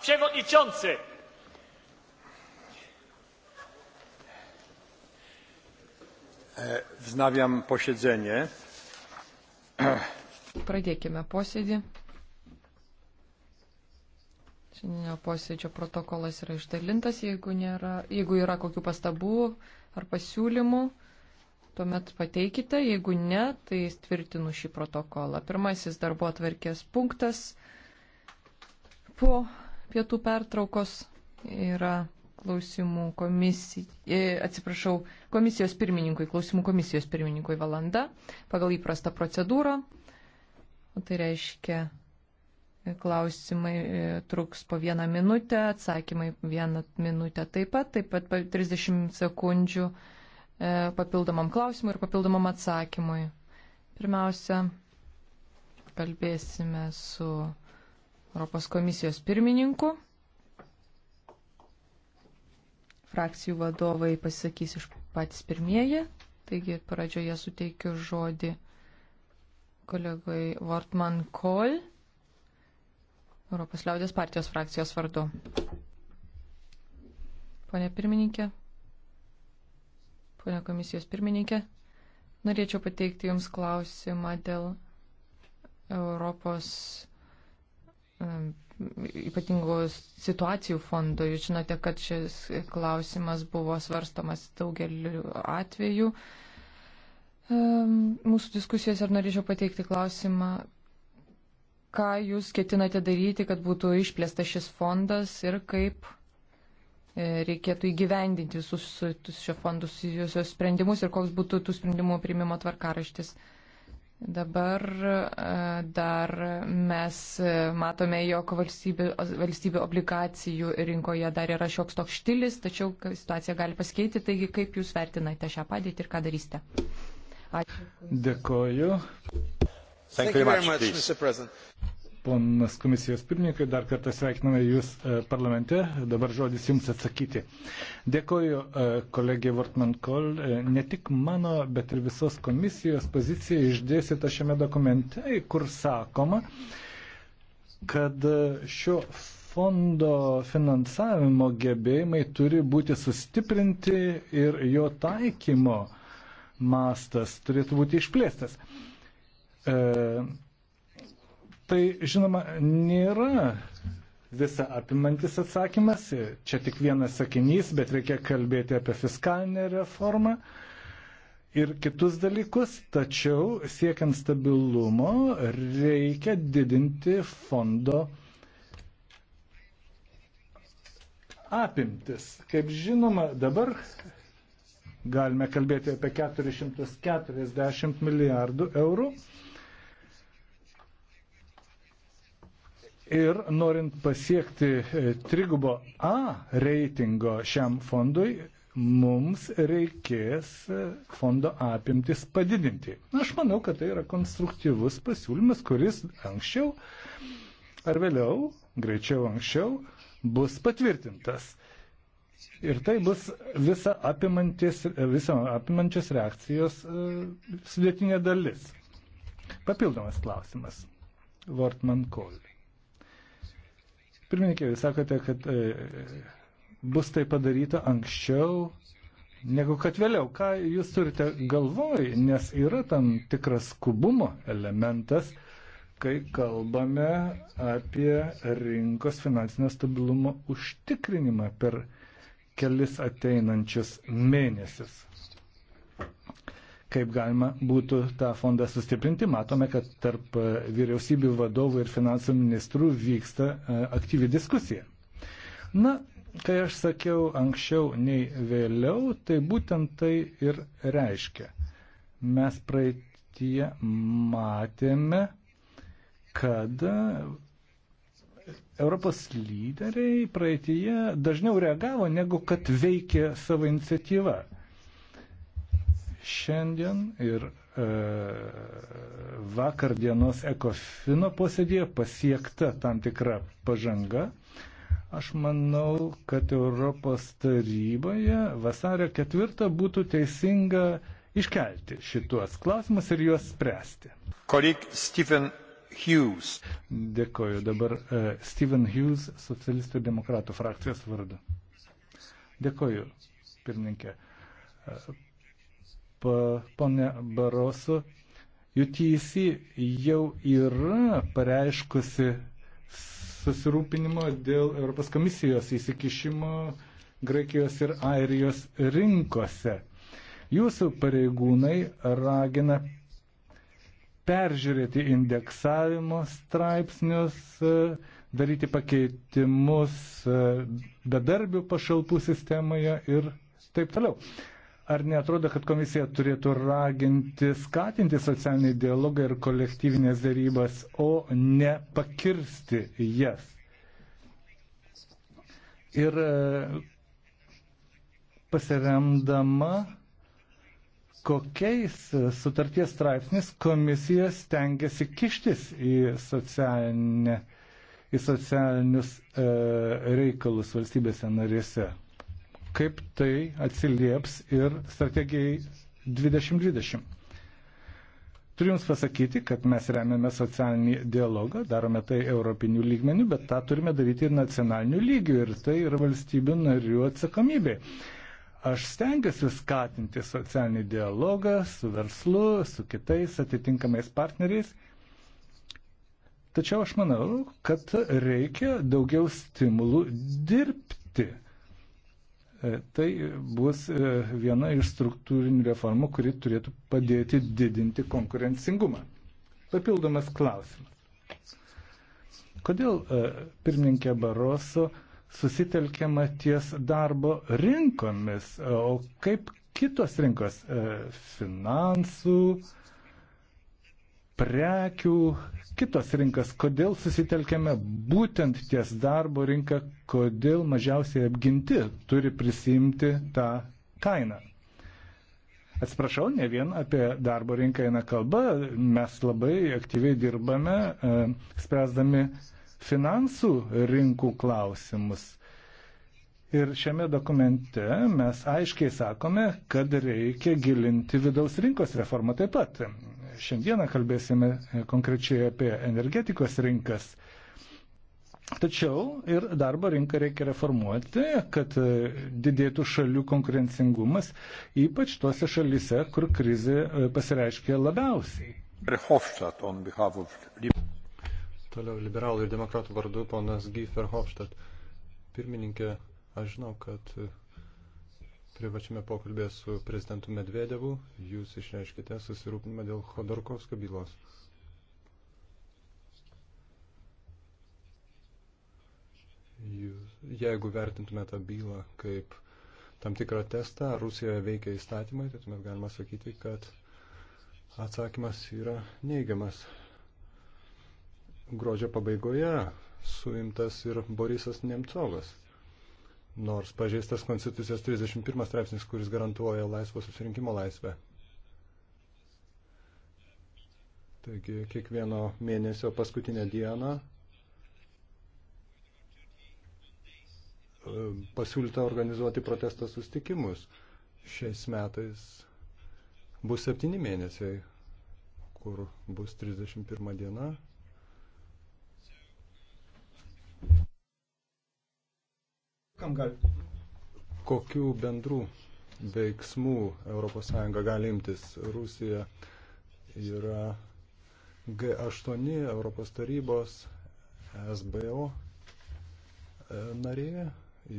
przewodniczący! E, wznawiam posiedzenie. Pradėkime posėdį. Šiandienio posėdžio protokolas yra išdalintas. Jeigu, nėra, jeigu yra kokių pastabų ar pasiūlymų, tuomet pateikite. Jeigu ne, tai tvirtinu šį protokolą. Pirmasis darbo atverkės punktas po pietų pertraukos yra klausimų komisijai, e, atsiprašau, komisijos pirmininkui, klausimų komisijos pirmininkui valanda pagal įprastą procedūrą. O tai reiškia, e, klausimai e, truks po vieną minutę, atsakymai vieną minutę taip pat, taip pat 30 sekundžių papildomam klausimui ir papildomam atsakymui. Pirmiausia, kalbėsime su Europos komisijos pirmininku. Frakcijų vadovai pasisakys iš patys pirmieji, taigi pradžioje suteikiu žodį kolegai Wortman Kohl, Europos liaudės partijos frakcijos vardu. Pone pirmininkė, pone komisijos pirmininkė, norėčiau pateikti Jums klausimą dėl Europos E, ypatingų situacijų fondo. Jūs žinote, kad šis klausimas buvo svarstamas daugeliu atveju. E, mūsų diskusijos ir norėčiau pateikti klausimą, ką jūs ketinate daryti, kad būtų išplėsta šis fondas ir kaip e, reikėtų įgyvendinti visus šio fondų susijusios sprendimus ir koks būtų tų sprendimų priimimo tvarkaraštis. Uh, Dabar e, dar mes e, matome, jog valstybių, valstybių obligacijų rinkoje dar yra šioks toks štilis, tačiau situacija gali pasikeiti. Taigi, kaip Jūs vertinate šią padėtį ir ką darysite? Ačiū. Dėkoju. Much, Ponas komisijos pirmininkai, dar kartą sveikiname Jūs e, parlamente. Dabar žodis Jums atsakyti. Dėkoju e, kolegė Vortman Kol. E, ne tik mano, bet ir visos komisijos pozicija išdėsita šiame dokumente, kur sakoma, kad šio fondo finansavimo gebėjimai turi būti sustiprinti ir jo taikymo mastas turėtų būti išplėstas. E, Tai, žinoma, nėra visa apimantis atsakymas. Čia tik vienas sakinys, bet reikia kalbėti apie fiskalinę reformą ir kitus dalykus. Tačiau siekiant stabilumo reikia didinti fondo apimtis. Kaip žinoma, dabar galime kalbėti apie 440 milijardų eurų. Ir norint pasiekti e, trigubo A reitingo šiam fondui, mums reikės e, fondo apimtis padidinti. Aš manau, kad tai yra konstruktyvus pasiūlymas, kuris anksčiau ar vėliau, greičiau anksčiau, bus patvirtintas. Ir tai bus visa apimantis, e, visa apimančios reakcijos sudėtinė dalis. Papildomas klausimas. Vortman Kol. Pirmininkė, jūs sakote, kad e, bus tai padaryta anksčiau negu kad vėliau. Ką jūs turite galvoj, nes yra tam tikras skubumo elementas, kai kalbame apie rinkos finansinio stabilumo užtikrinimą per kelis ateinančius mėnesius kaip galima būtų tą fondą sustiprinti. Matome, kad tarp e, vyriausybių vadovų ir finansų ministrų vyksta e, aktyvi diskusija. Na, kai aš sakiau anksčiau nei vėliau, tai būtent tai ir reiškia. Mes praeitie matėme, kad Europos lyderiai praeitie dažniau reagavo, negu kad veikė savo iniciatyvą šiandien ir e, vakar dienos ekofino posėdėje pasiekta tam tikra pažanga. Aš manau, kad Europos taryboje vasario ketvirtą būtų teisinga iškelti šituos klausimus ir juos spręsti. Kolik Stephen Hughes. Dėkoju dabar e, Stephen Hughes, socialistų ir demokratų frakcijos vardu. Dėkoju, pirmininkė. E, ponė Barosu, UTC jau yra pareiškusi susirūpinimo dėl Europos komisijos įsikišimo Graikijos ir Airijos rinkose. Jūsų pareigūnai ragina peržiūrėti indeksavimo straipsnius, daryti pakeitimus bedarbių pašalpų sistemoje ir taip toliau. Ar netrodo, kad komisija turėtų raginti, skatinti socialinį dialogą ir kolektyvinės dėrybas, o ne pakirsti jas? Ir e, pasiremdama, kokiais sutarties straipsnis komisijos tengiasi kištis į, socialinę, į socialinius e, reikalus valstybėse narėse kaip tai atsilieps ir strategijai 2020. Turiu Jums pasakyti, kad mes remiame socialinį dialogą, darome tai europinių lygmenių, bet tą turime daryti ir nacionalinių lygių ir tai yra valstybių narių atsakomybė. Aš stengiuosi skatinti socialinį dialogą su verslu, su kitais atitinkamais partneriais. Tačiau aš manau, kad reikia daugiau stimulų dirbti. E, tai bus e, viena iš struktūrinių reformų, kuri turėtų padėti didinti konkurencingumą. Papildomas klausimas. Kodėl e, pirmininkė Baroso susitelkiama ties darbo rinkomis, o kaip kitos rinkos - finansų, prekių, kitos rinkas, kodėl susitelkėme būtent ties darbo rinką, kodėl mažiausiai apginti turi prisimti tą kainą. Atsiprašau, ne vien apie darbo rinką eina kalba, mes labai aktyviai dirbame, e, spręsdami finansų rinkų klausimus. Ir šiame dokumente mes aiškiai sakome, kad reikia gilinti vidaus rinkos reformą taip pat. Šiandieną kalbėsime konkrečiai apie energetikos rinkas. Tačiau ir darbo rinką reikia reformuoti, kad didėtų šalių konkurencingumas, ypač tose šalise, kur krizė e, pasireiškia labiausiai. Toliau liberalų ir demokratų vardu ponas Giefer Hofstadt. Pirmininkė, Aš žinau, kad privačiame pokalbėje su prezidentu Medvedevu jūs išreiškite susirūpinimą dėl Khodorkovskio bylos. Jūs, jeigu vertintume tą bylą kaip tam tikrą testą, Rusijoje veikia įstatymai, tai tuomet galima sakyti, kad atsakymas yra neigiamas. Gruodžio pabaigoje suimtas ir Borisas Nemcovas nors pažeistas Konstitucijos 31 straipsnis, kuris garantuoja laisvo susirinkimo laisvę. Taigi kiekvieno mėnesio paskutinę dieną e, pasiūlyta organizuoti protesto sustikimus. Šiais metais bus septyni mėnesiai, kur bus 31 diena Kam gal? Kokių bendrų veiksmų ES gali imtis? Rusija yra G8 Europos tarybos SBO e, narė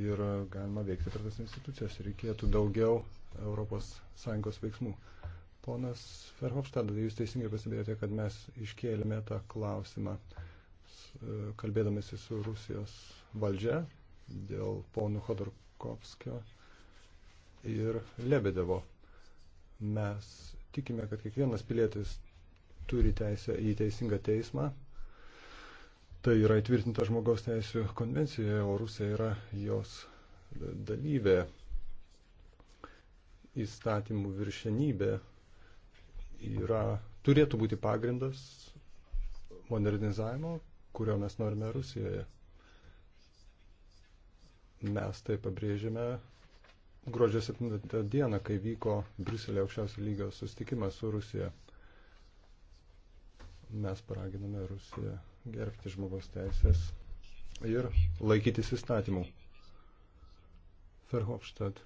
ir galima veikti per tas institucijas. Reikėtų daugiau ES veiksmų. Ponas Ferhofstadas, jūs teisingai pasidėjote, kad mes iškėlėme tą klausimą e, kalbėdamėsi su Rusijos valdžia dėl ponų Khodorkovskio ir Lebedevo. Mes tikime, kad kiekvienas pilietis turi teisę į teisingą teismą. Tai yra įtvirtinta žmogaus teisų konvencijoje, o Rusija yra jos dalyvė. Įstatymų viršenybė yra, turėtų būti pagrindas modernizavimo, kurio mes norime Rusijoje. Mes tai pabrėžėme gruodžio 7 dieną, kai vyko Briuselė aukščiausio lygio sustikimas su Rusija. Mes paraginame Rusiją gerbti žmogaus teisės ir laikytis įstatymų. Ferhofstadt.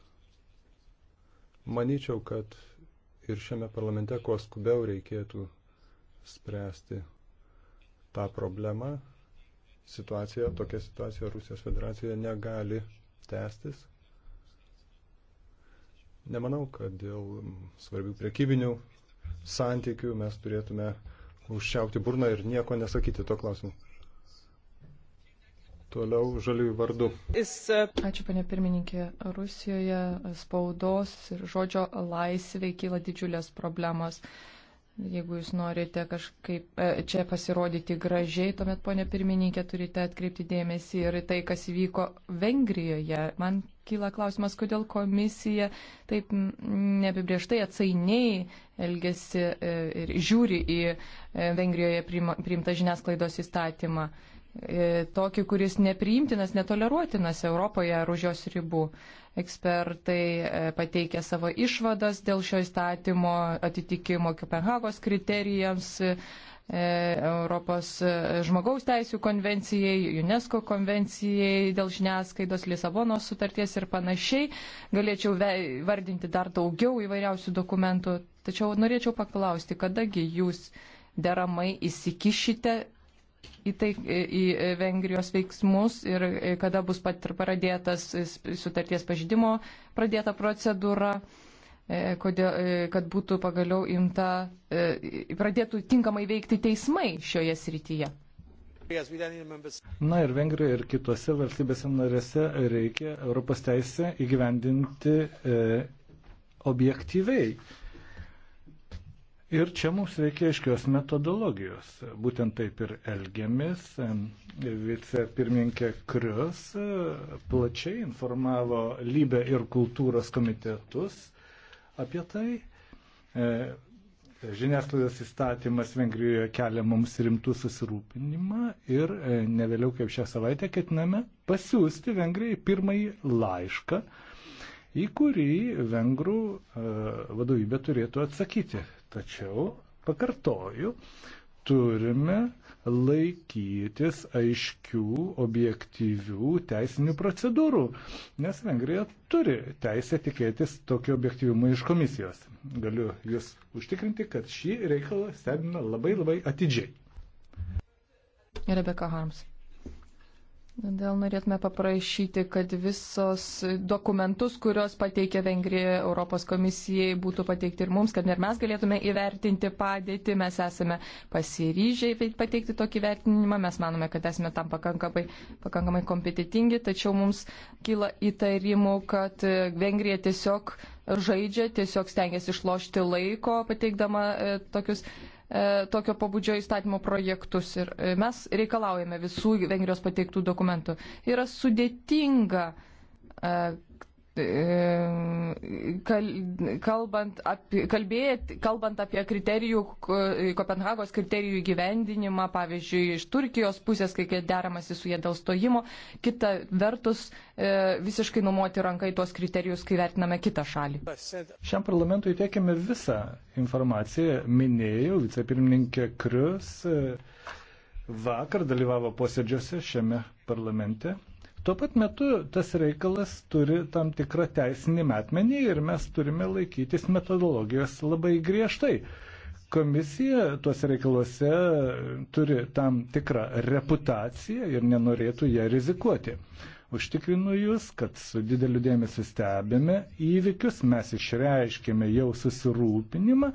Manyčiau, kad ir šiame parlamente kuo skubiau reikėtų spręsti tą problemą situacija, tokia situacija Rusijos federacijoje negali tęstis. Nemanau, kad dėl svarbių priekybinių santykių mes turėtume užšiaukti burną ir nieko nesakyti to klausimu. Toliau žaliųjų vardu. E, Ačiū, panė pirmininkė. Rusijoje spaudos ir žodžio laisvė kyla didžiulės problemos. Jeigu jūs norite kažkaip e, čia pasirodyti gražiai, tuomet, ponė pirmininkė, turite atkreipti dėmesį ir tai, kas vyko Vengrijoje. Man kyla klausimas, kodėl komisija taip neapibrieštai atsainiai elgesi e, ir žiūri į e, Vengrijoje priimtą žiniasklaidos įstatymą. Tokį, kuris nepriimtinas, netoleruotinas Europoje ar už jos ribų. Ekspertai e, pateikė savo išvadas dėl šio įstatymo atitikimo Kopenhagos kriterijams. E, Europos e, žmogaus teisų konvencijai, UNESCO konvencijai dėl žiniasklaidos, Lisabonos sutarties ir panašiai. Galėčiau vardinti dar daugiau įvairiausių dokumentų, tačiau norėčiau paklausti, kadagi jūs deramai įsikišite į, tai, į Vengrijos veiksmus ir e, kada bus pradėtas e, sutarties pažydimo pradėta procedūra, e, kodėl, kad būtų pagaliau imta, pradėtų tinkamai veikti teismai šioje srityje. Na ir Vengrijoje ir kitose valstybėse narėse reikia Europos teisę įgyvendinti e, objektyviai. Ir čia mums reikia aiškios metodologijos. Būtent taip ir elgiamės. Vicepirmininkė Krius plačiai informavo lybę ir kultūros komitetus apie tai. E, žiniasklaidos įstatymas Vengrijoje kelia mums rimtų susirūpinimą ir e, ne vėliau kaip šią savaitę ketiname pasiūsti Vengrijai pirmąjį laišką, į kurį Vengrų e, vadovybė turėtų atsakyti. Tačiau, pakartoju, turime laikytis aiškių, objektyvių teisinių procedūrų, nes Vengrija turi teisę tikėtis tokio objektyvumo iš komisijos. Galiu Jūs užtikrinti, kad šį reikalą stebime labai labai atidžiai. Rebeka Harms. Todėl norėtume paprašyti, kad visos dokumentus, kurios pateikė Vengrija Europos komisijai, būtų pateikti ir mums, kad ir mes galėtume įvertinti padėtį. Mes esame pasiryžę pateikti tokį vertinimą, mes manome, kad esame tam pakankamai, pakankamai kompetitingi, tačiau mums kyla įtarimų, kad Vengrija tiesiog žaidžia, tiesiog stengiasi išlošti laiko pateikdama e, tokius E, tokio pabudžio įstatymo projektus ir e, mes reikalaujame visų Vengrijos pateiktų dokumentų. Yra sudėtinga e, Kal, kalbant apie, kalbėt, kalbant apie kriterijų, Kopenhagos kriterijų įgyvendinimą, pavyzdžiui, iš Turkijos pusės, kai deramasi su jie dėl stojimo, kita vertus e, visiškai numoti ranką į tuos kriterijus, kai vertiname kitą šalį. Šiam parlamentui teikiame visą informaciją, minėjau, vicepirmininkė Krius e, vakar dalyvavo posėdžiuose šiame parlamente. Tuo pat metu tas reikalas turi tam tikrą teisinį metmenį ir mes turime laikytis metodologijos labai griežtai. Komisija tuose reikaluose turi tam tikrą reputaciją ir nenorėtų ją rizikuoti. Užtikrinu Jūs, kad su dideliu dėmesiu stebime įvykius, mes išreiškėme jau susirūpinimą,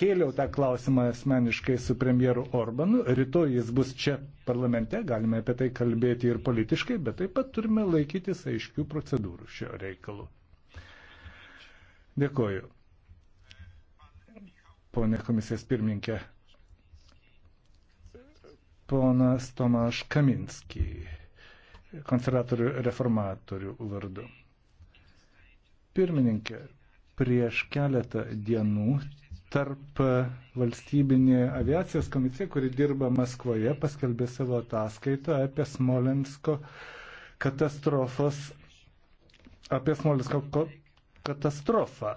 kėliau tą klausimą asmeniškai su premjeru Orbanu, rytoj jis bus čia parlamente, galime apie tai kalbėti ir politiškai, bet taip pat turime laikytis aiškių procedūrų šio reikalu. Dėkoju. Pone komisijos pirmininkė, ponas Tomaš Kaminski konservatorių reformatorių vardu. Pirmininkė, prieš keletą dienų tarp valstybinė aviacijos komisija, kuri dirba Maskvoje, paskelbė savo ataskaitą apie Smolensko katastrofos, apie Smolensko katastrofą.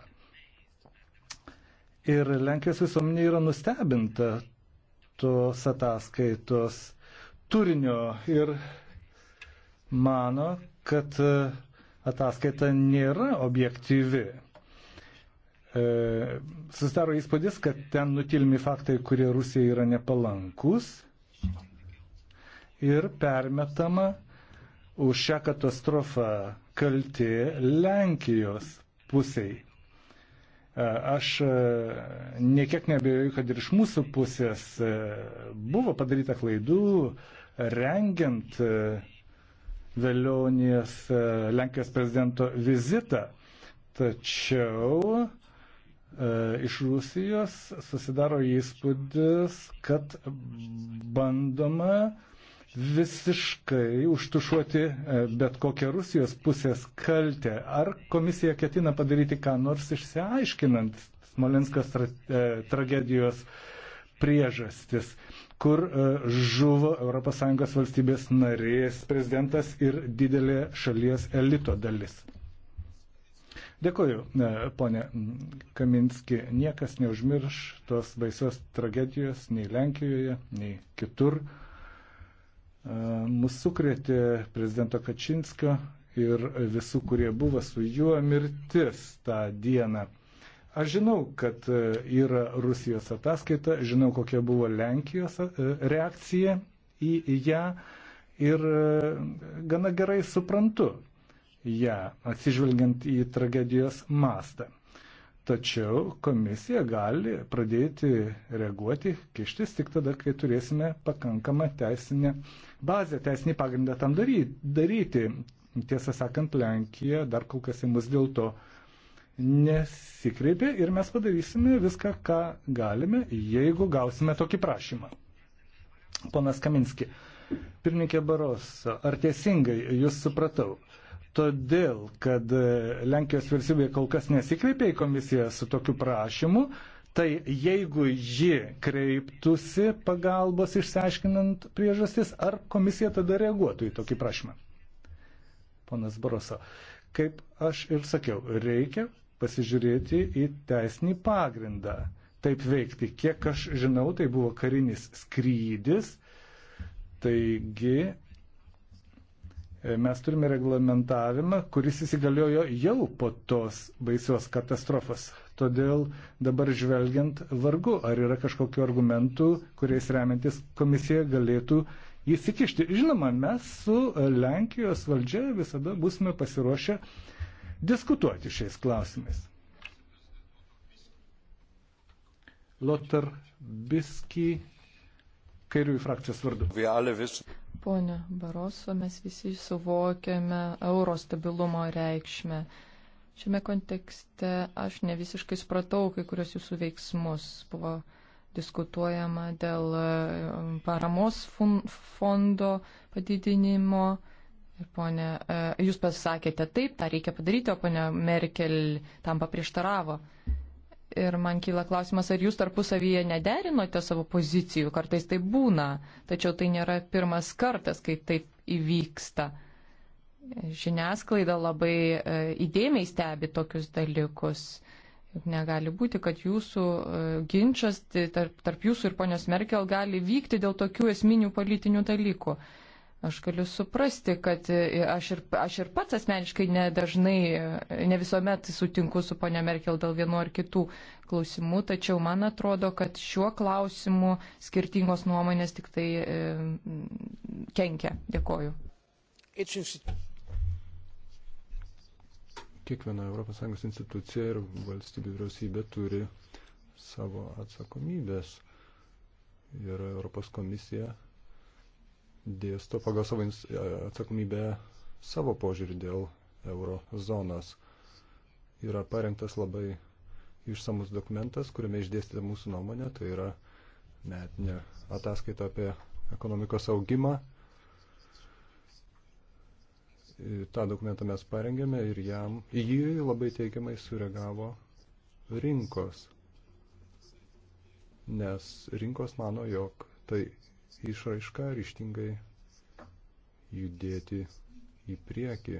Ir Lenkijos visuomenė yra nustebinta tos ataskaitos turinio ir mano, kad e, ataskaita nėra objektyvi. E, susidaro įspūdis, kad ten nutilmi faktai, kurie Rusijai yra nepalankus ir permetama už šią katastrofą kalti Lenkijos pusiai. E, aš niekiek nebejoju, kad ir iš mūsų pusės buvo padaryta klaidų, rengiant Velionės e, Lenkijos prezidento vizitą. Tačiau e, iš Rusijos susidaro įspūdis, kad bandoma visiškai užtušuoti e, bet kokią Rusijos pusės kaltę. Ar komisija ketina padaryti ką nors išsiaiškinant Smolenskas tragedijos priežastis? kur e, žuvo ES valstybės narės prezidentas ir didelė šalies elito dalis. Dėkuoju, e, ponė Kaminski, niekas neužmirš tos baisios tragedijos nei Lenkijoje, nei kitur. E, Mūsų sukrėtė prezidento Kačinskio ir visų, kurie buvo su juo mirtis tą dieną. Aš žinau, kad e, yra Rusijos ataskaita, žinau, kokia buvo Lenkijos e, reakcija į ją ir e, gana gerai suprantu ją, atsižvelgiant į tragedijos mastą. Tačiau komisija gali pradėti reaguoti, kištis tik tada, kai turėsime pakankamą teisinę bazę, teisinį pagrindą tam daryti. Tiesą sakant, Lenkija dar kol kas į mus dėl to uh, nesikreipė ir mes padarysime viską, ką galime, jeigu gausime tokį prašymą. Ponas Kaminski, pirmininkė Baros, ar teisingai jūs supratau? Todėl, kad Lenkijos vyriausybė kol kas nesikreipė į komisiją su tokiu prašymu, tai jeigu ji kreiptųsi pagalbos išsiaiškinant priežastis, ar komisija tada reaguotų į tokį prašymą? Ponas Baroso, kaip aš ir sakiau, reikia pasižiūrėti į teisinį pagrindą taip veikti. Kiek aš žinau, tai buvo karinis skrydis, taigi e, mes turime reglamentavimą, kuris įsigaliojo jau po tos baisios katastrofos. Todėl dabar žvelgiant vargu, ar yra kažkokiu argumentu, kuriais remiantis komisija galėtų įsikišti. Žinoma, mes su Lenkijos valdžia visada būsime pasiruošę uh, diskutuoti šiais klausimais. Lotar Biski, kairiųjų frakcijos vardu. Pone Baroso, mes visi suvokiame euro stabilumo reikšmę. Šiame kontekste aš ne visiškai supratau kai kurios jūsų veiksmus. Buvo diskutuojama dėl e, paramos fondo padidinimo Ir ponė, e, jūs pasisakėte taip, tą reikia padaryti, o ponė Merkel tam paprieštaravo. Ir man kyla klausimas, ar jūs tarpusavyje nederinote savo pozicijų, kartais tai būna, tačiau tai nėra pirmas kartas, kai taip įvyksta. Žiniasklaida labai e, įdėmiai stebi tokius dalykus. Juk negali būti, kad jūsų e, ginčas tai tarp, tarp jūsų ir ponios Merkel gali vykti dėl tokių esminių politinių dalykų. Uh, Aš galiu suprasti, kad e, aš ir, aš ir pats asmeniškai nedažnai, e, ne visuomet sutinku su ponia Merkel dėl vienu ar kitų klausimų, tačiau man atrodo, kad šiuo klausimu skirtingos nuomonės tik tai e, kenkia. Dėkoju. Kiekviena ES institucija ir valstybė vyriausybė turi savo atsakomybės ir Europos komisija dėsto pagal savo e, atsakomybę savo požiūrį dėl euro zonos. Yra parengtas labai išsamus dokumentas, kuriame išdėstėte mūsų nuomonę, tai yra metinė ataskaita apie ekonomikos augimą. E, Ta dokumentą mes parengėme ir jam, jį labai teigiamai sureagavo rinkos, nes rinkos mano, jog tai išraiška ryštingai judėti į priekį.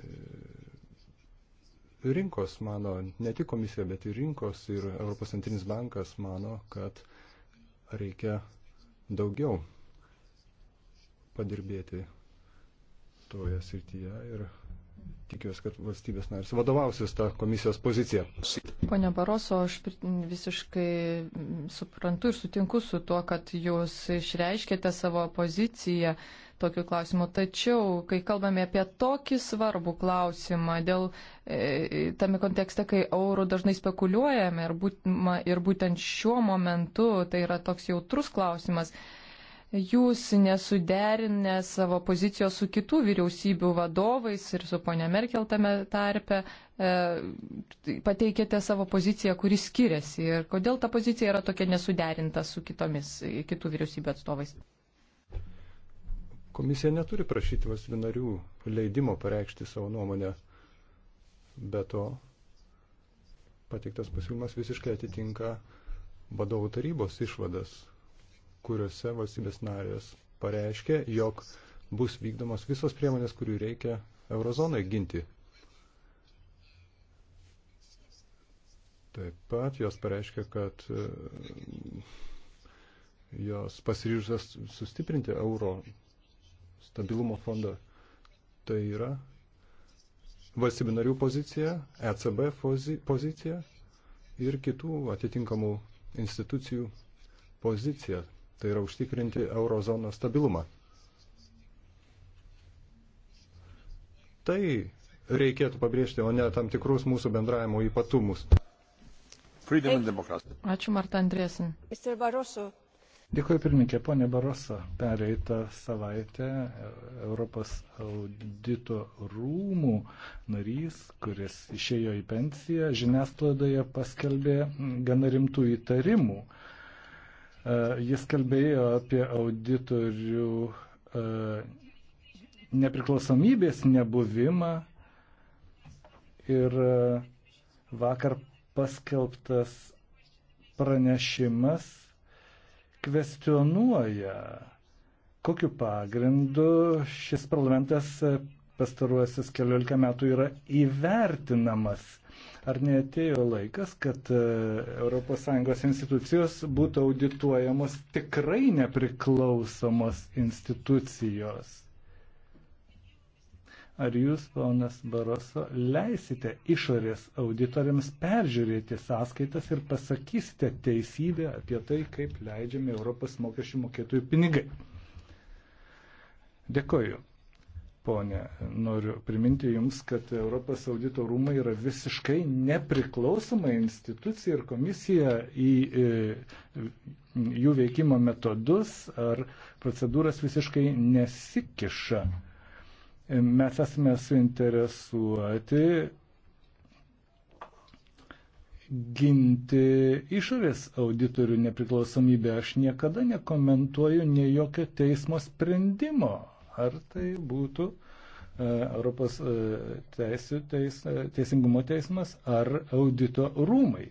E, rinkos mano, ne tik komisija, bet ir rinkos ir Europos centrinis bankas mano, kad reikia daugiau padirbėti toje srityje ir tikiuosi, kad valstybės narys vadovausis tą komisijos poziciją. Pone Baroso, aš visiškai suprantu ir sutinku su tuo, kad jūs išreiškėte savo poziciją tokiu klausimu. Tačiau, kai kalbame apie tokį svarbų klausimą, dėl e, tame kontekste, kai eurų dažnai spekuliuojame ir, būt, ma, ir būtent šiuo momentu tai yra toks jautrus klausimas. E, jūs nesuderinę savo pozicijos su kitų vyriausybių vadovais ir su ponia Merkel tame tarpe e, pateikėte savo poziciją, kuri skiriasi ir kodėl ta pozicija yra tokia nesuderinta su kitomis, e, kitų vyriausybių atstovais? Komisija neturi prašyti valstybių narių leidimo pareikšti savo nuomonę, bet to pateiktas pasiūlymas visiškai atitinka vadovų tarybos išvadas kuriuose valstybės narės pareiškė, jog bus vykdomos visos priemonės, kurių reikia eurozonai ginti. Taip pat jos pareiškia, kad e, jos pasiryžęs sustiprinti euro stabilumo fondą. Tai yra valstybių narių pozicija, ECB pozicija ir kitų atitinkamų institucijų pozicija tai yra užtikrinti eurozono stabilumą. Tai reikėtų pabrėžti, o ne tam tikrus mūsų bendravimo ypatumus. Ačiū, Marta Andriesin. Dėkuoju pirmininkė, ponė Baroso. Pereitą savaitę Europos audito rūmų narys, kuris išėjo į pensiją, žiniasklaidoje paskelbė gana rimtų įtarimų, E, jis kalbėjo apie auditorių e, nepriklausomybės nebuvimą ir e, vakar paskelbtas pranešimas kvestionuoja, kokiu pagrindu šis parlamentas pastaruosius keliolika metų yra įvertinamas. Ar neatėjo laikas, kad ES institucijos būtų audituojamos tikrai nepriklausomos institucijos? Ar jūs, ponas Baroso, leisite išorės auditoriams peržiūrėti sąskaitas ir pasakysite teisybę apie tai, kaip leidžiami Europos mokesčių mokėtojų pinigai? Dėkoju ponė. Noriu priminti Jums, kad Europos audito rūmai yra visiškai nepriklausoma institucija ir komisija į, į e, jų veikimo metodus ar procedūras visiškai nesikiša. Mes esame suinteresuoti ginti išorės auditorių nepriklausomybę. Aš niekada nekomentuoju ne jokio teismo sprendimo Ar tai būtų e, Europos e, teisų, teis, e, teisingumo teismas ar audito rūmai.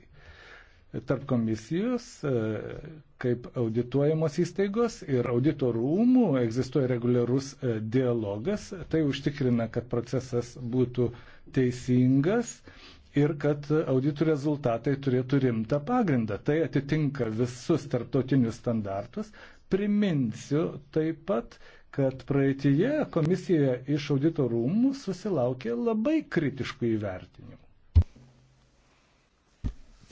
Tarp komisijos, kaip audituojamos įstaigos ir audito rūmų egzistuoja reguliarus dialogas. Tai užtikrina, kad procesas būtų teisingas ir kad auditų rezultatai turėtų rimtą pagrindą. Tai atitinka visus tarptautinius standartus. Priminsiu taip pat, kad praeitįje komisija iš audito rūmų susilaukė labai kritiškų įvertinimų.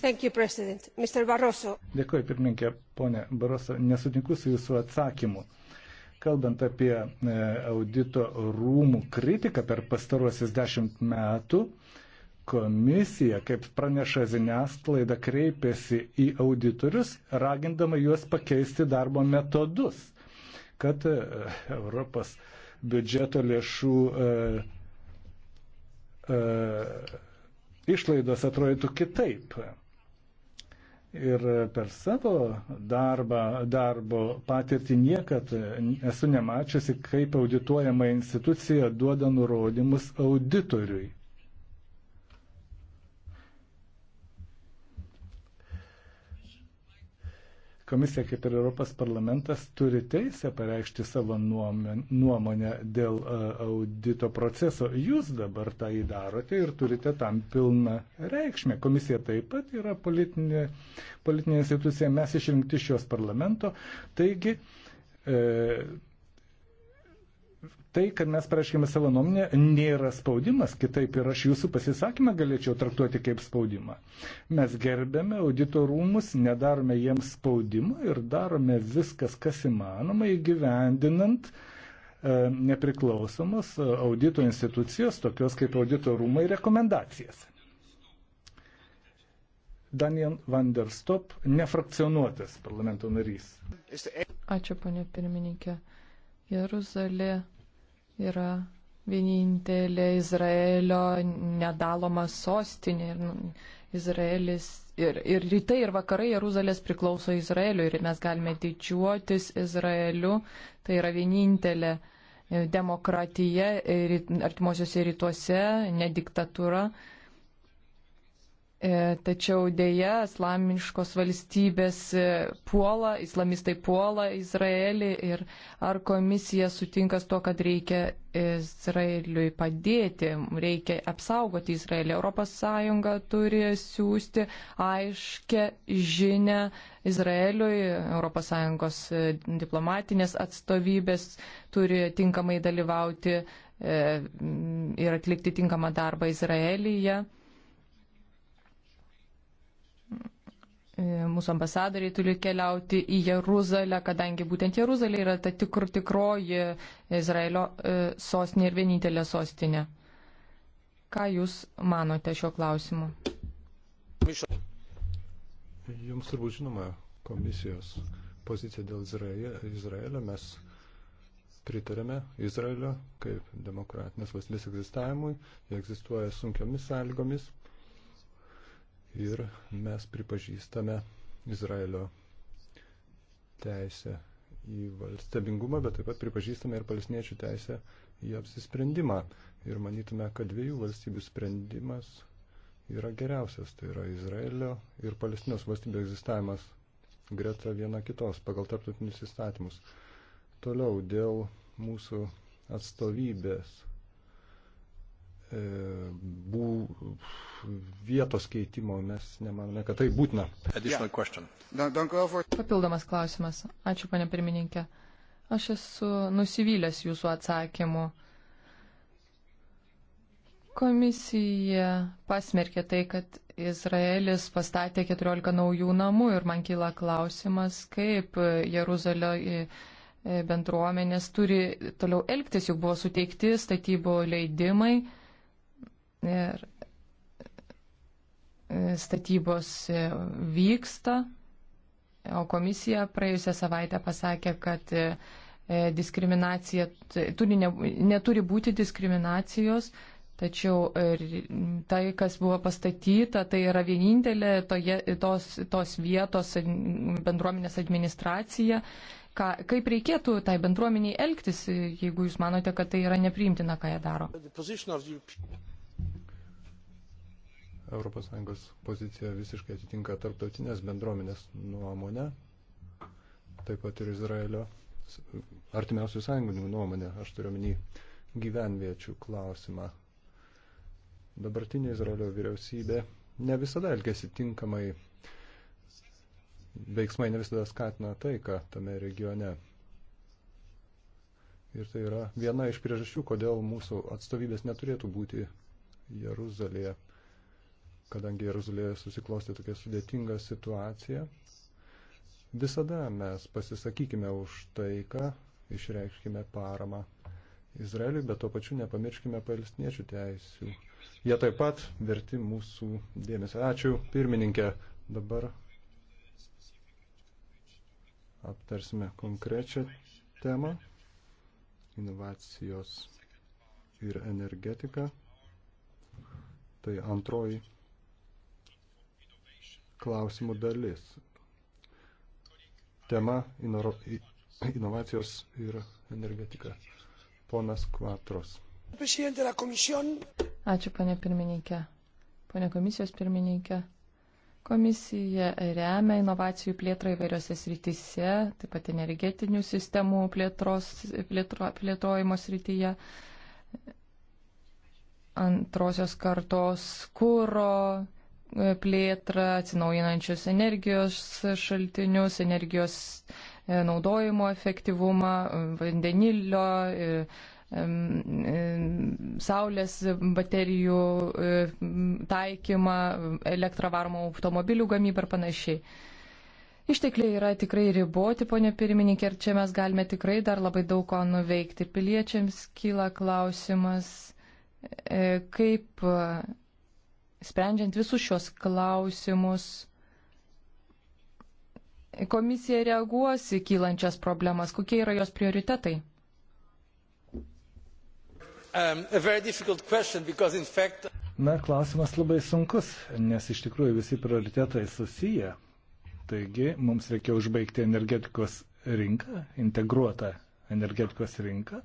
Dėkuoju, pirmininkė, ponė Baroso, nesutinku su jūsų atsakymu. Kalbant apie e, audito rūmų kritiką per pastaruosius dešimt metų, komisija, kaip praneša žiniasklaida, kreipėsi į auditorius, ragindama juos pakeisti darbo metodus kad e, Europos biudžeto lėšų e, e, išlaidos atrodytų kitaip. Ir per savo darbą, darbo patirtį niekad esu nemačiusi, kaip audituojama institucija duoda nurodymus auditoriui. Komisija kaip ir Europos parlamentas turi teisę pareikšti savo nuomonę dėl e, audito proceso. Jūs dabar tą įdarote ir turite tam pilną reikšmę. Komisija taip pat yra politinė, politinė institucija, mes išrinkti šios parlamento. Taigi, e, Tai, kad mes pareiškėme savo nuomonę, nėra spaudimas, kitaip ir aš jūsų pasisakymą galėčiau traktuoti kaip spaudimą. Mes gerbėme auditorumus, nedarome jiems spaudimą ir darome viskas, kas įmanoma įgyvendinant e, nepriklausomos audito institucijos, tokios kaip audito rūmai, rekomendacijas. Daniel van der Stop, nefrakcionuotas parlamento narys. Ačiū, ponė pirmininkė. Jeruzalė yra vienintelė Izraelio nedaloma sostinė. Ir nu, Izraelis ir, ir rytai ir vakarai Jeruzalės priklauso Izraeliui ir mes galime didžiuotis Izraeliu. Tai yra vienintelė e, demokratija artimuosiuose rytuose, ne diktatūra. E, tačiau dėja, islamiškos valstybės e, puola, islamistai puola Izraelį ir ar komisija sutinka su to, kad reikia Izraeliui padėti, reikia apsaugoti Izraelį. ES turi siūsti aiškę žinę Izraeliui, ES e, diplomatinės atstovybės turi tinkamai dalyvauti ir atlikti tinkamą darbą Izraelyje. E, mūsų ambasadoriai turi keliauti į Jeruzalę, kadangi būtent Jeruzalė yra ta tikr, tikroji Izraelio e, sostinė ir vienintelė sostinė. Ką Jūs manote šiuo klausimu? Jums turbūt žinoma komisijos pozicija dėl Izraelio. Mes pritarėme Izraelio kaip demokratinės valstybės egzistavimui. Jie egzistuoja sunkiomis sąlygomis ir mes pripažįstame Izraelio teisę į valstybingumą, bet taip pat pripažįstame ir palestiniečių teisę į apsisprendimą. Ir manytume, kad dviejų valstybių sprendimas yra geriausias. Tai yra Izraelio ir Palestinos valstybės egzistavimas greta viena kitos pagal tarptautinius įstatymus. Toliau dėl mūsų atstovybės E, bū vietos keitimo. Mes nemanome, kad tai būtina. Papildomas klausimas. Ačiū, ponė pirmininkė. Aš esu nusivylęs jūsų atsakymu. Komisija pasmerkė tai, kad Izraelis pastatė 14 naujų namų ir man kyla klausimas, kaip Jeruzalio e, e, bendruomenės turi toliau elgtis, juk buvo suteikti statybo leidimai Ir e, statybos e, vyksta, o komisija praėjusią savaitę pasakė, kad e, diskriminacija turi, ne, neturi būti diskriminacijos, tačiau tai, kas buvo pastatyta, tai yra vienintelė toje, tos, tos vietos bendruomenės administracija. Ką, kaip reikėtų tai bendruomeniai elgtis, jeigu jūs manote, kad tai yra nepriimtina, ką jie daro? ES pozicija visiškai atitinka tarptautinės bendruomenės nuomonę, taip pat ir Izraelio artimiausių sąjunginių nuomonę, aš turiu minį gyvenviečių klausimą. Dabartinė Izraelio vyriausybė ne visada elgesi tinkamai, veiksmai ne visada skatina taiką tame regione. Ir tai yra viena iš priežasčių, kodėl mūsų atstovybės neturėtų būti Jeruzalėje kadangi Jeruzalėje susiklosti tokia sudėtinga situacija. Visada mes pasisakykime už taiką, išreikškime paramą Izraeliui, bet tuo pačiu nepamirškime palestiniečių teisių. Jie taip pat verti mūsų dėmesio. Ačiū, pirmininkė. Dabar aptarsime konkrečią temą - inovacijos ir energetika. Tai antroji klausimų dalis. Tema inoro, inovacijos ir energetika. Ponas Kvatros. Ačiū, ponė pirmininkė. Pone komisijos pirmininkė. Komisija remia inovacijų plėtrą įvairiose srityse, taip pat energetinių sistemų plėtros, plėtro, plėtojimo srityje, antrosios kartos kūro, plėtrą, atsinaujinančius energijos šaltinius, energijos e, naudojimo efektyvumą, e, vandenilio, e, saulės baterijų taikymą, elektravarmo automobilių gamybą ir panašiai. Ištekliai yra tikrai riboti, ponė pirmininkė, ir čia mes galime tikrai dar labai daug ko nuveikti. Piliečiams kyla klausimas, kaip sprendžiant visus šios klausimus, komisija reaguos į kylančias problemas? Kokie yra jos prioritetai? Um, fact... Na, klausimas labai sunkus, nes iš tikrųjų visi prioritetai susiję. Taigi mums reikia užbaigti energetikos rinką, integruotą energetikos rinką.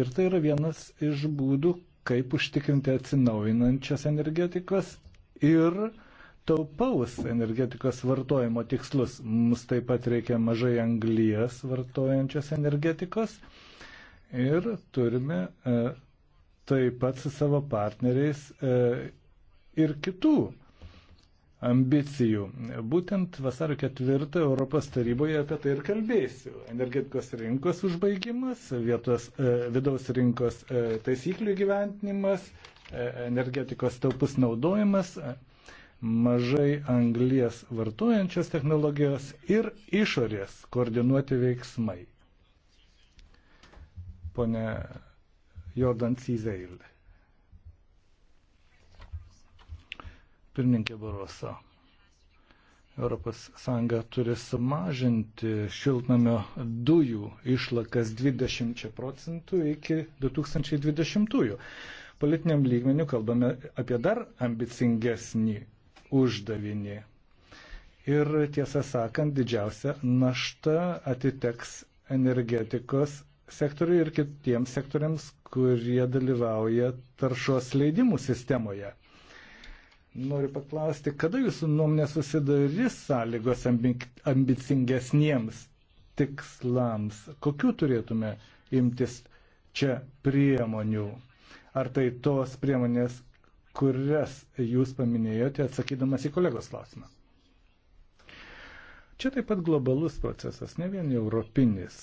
Ir tai yra vienas iš būdų, kaip užtikrinti atsinaujinančios energetikos ir taupaus energetikos vartojimo tikslus. Mums taip pat reikia mažai anglijas vartojančios energetikos ir turime e, taip pat su savo partneriais e, ir kitų ambicijų. Būtent vasaro 4 Europos taryboje apie tai ir kalbėsiu. Energetikos rinkos užbaigimas, vietos, e, vidaus rinkos e, taisyklių gyventinimas, e, energetikos taupus naudojimas, mažai anglies vartojančios technologijos ir išorės koordinuoti veiksmai. Pone Jordan Cizeilė. pirmininkė Baroso. ES turi sumažinti šiltnamio dujų išlakas 20 procentų iki 2020. Politiniam lygmeniu kalbame apie dar ambicingesnį uždavinį. Ir tiesą sakant, didžiausia našta atiteks energetikos sektoriui ir kitiems sektoriams, kurie dalyvauja taršos leidimų sistemoje. Noriu paklausti, kada jūsų nuomonė susidarys sąlygos ambicingesniems tikslams? Kokių turėtume imtis čia priemonių? Ar tai tos priemonės, kurias jūs paminėjote atsakydamas į kolegos klausimą? Čia taip pat globalus procesas, ne vien europinis.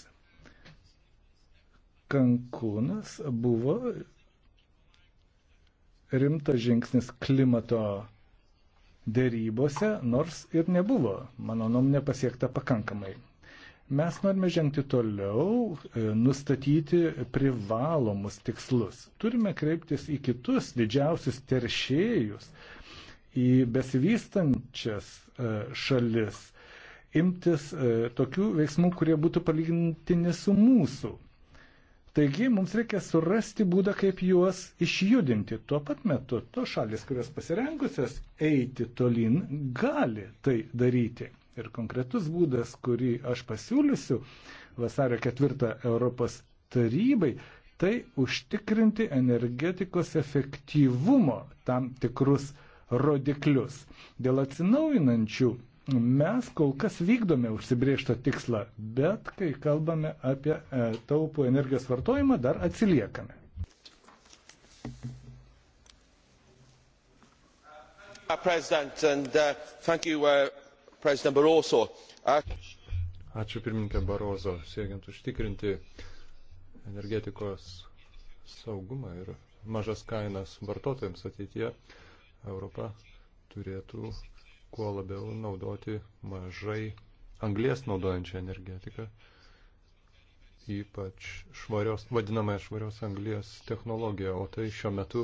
Kankūnas buvo rimtas žingsnis klimato dėrybose, nors ir nebuvo, mano nuomonė, pasiekta pakankamai. Mes norime žengti toliau, e, nustatyti privalomus tikslus. Turime kreiptis į kitus didžiausius teršėjus, į besivystančias e, šalis, imtis e, tokių veiksmų, kurie būtų palygintini su mūsų. Taigi mums reikia surasti būdą, kaip juos išjudinti. Tuo pat metu tos šalis, kurios pasirengusios eiti tolin, gali tai daryti. Ir konkretus būdas, kurį aš pasiūlysiu vasario ketvirtą Europos tarybai, tai užtikrinti energetikos efektyvumo tam tikrus rodiklius. Dėl atsinaujinančių Mes kol kas vykdome užsibriežtą tikslą, bet kai kalbame apie e, taupų energijos vartojimą, dar atsiliekame. Uh, uh, uh, Ačiū pirmininkė Barozo, siekiant užtikrinti energetikos saugumą ir mažas kainas vartotojams ateityje, Europa turėtų uh, kuo labiau naudoti mažai anglės naudojančią energetiką, ypač švarios, vadinamąją švarios anglės technologiją, o tai šiuo metu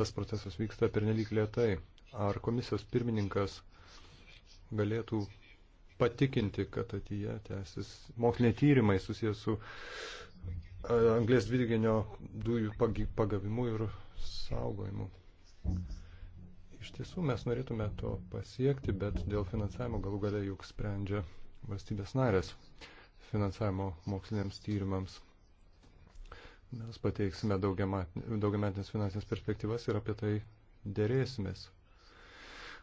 tas procesas vyksta pernelyg lietai. Ar komisijos pirmininkas galėtų patikinti, kad ateityje tęsis moksliniai tyrimai susijęs su e, anglės dvideginio dujų pagavimu ir saugojimu? Thank you. Iš tiesų mes norėtume to pasiekti, bet dėl finansavimo galų gale juk sprendžia valstybės narės finansavimo moksliniams tyrimams. Mes pateiksime daugiametinės finansinės perspektyvas ir apie tai dėrėsimės.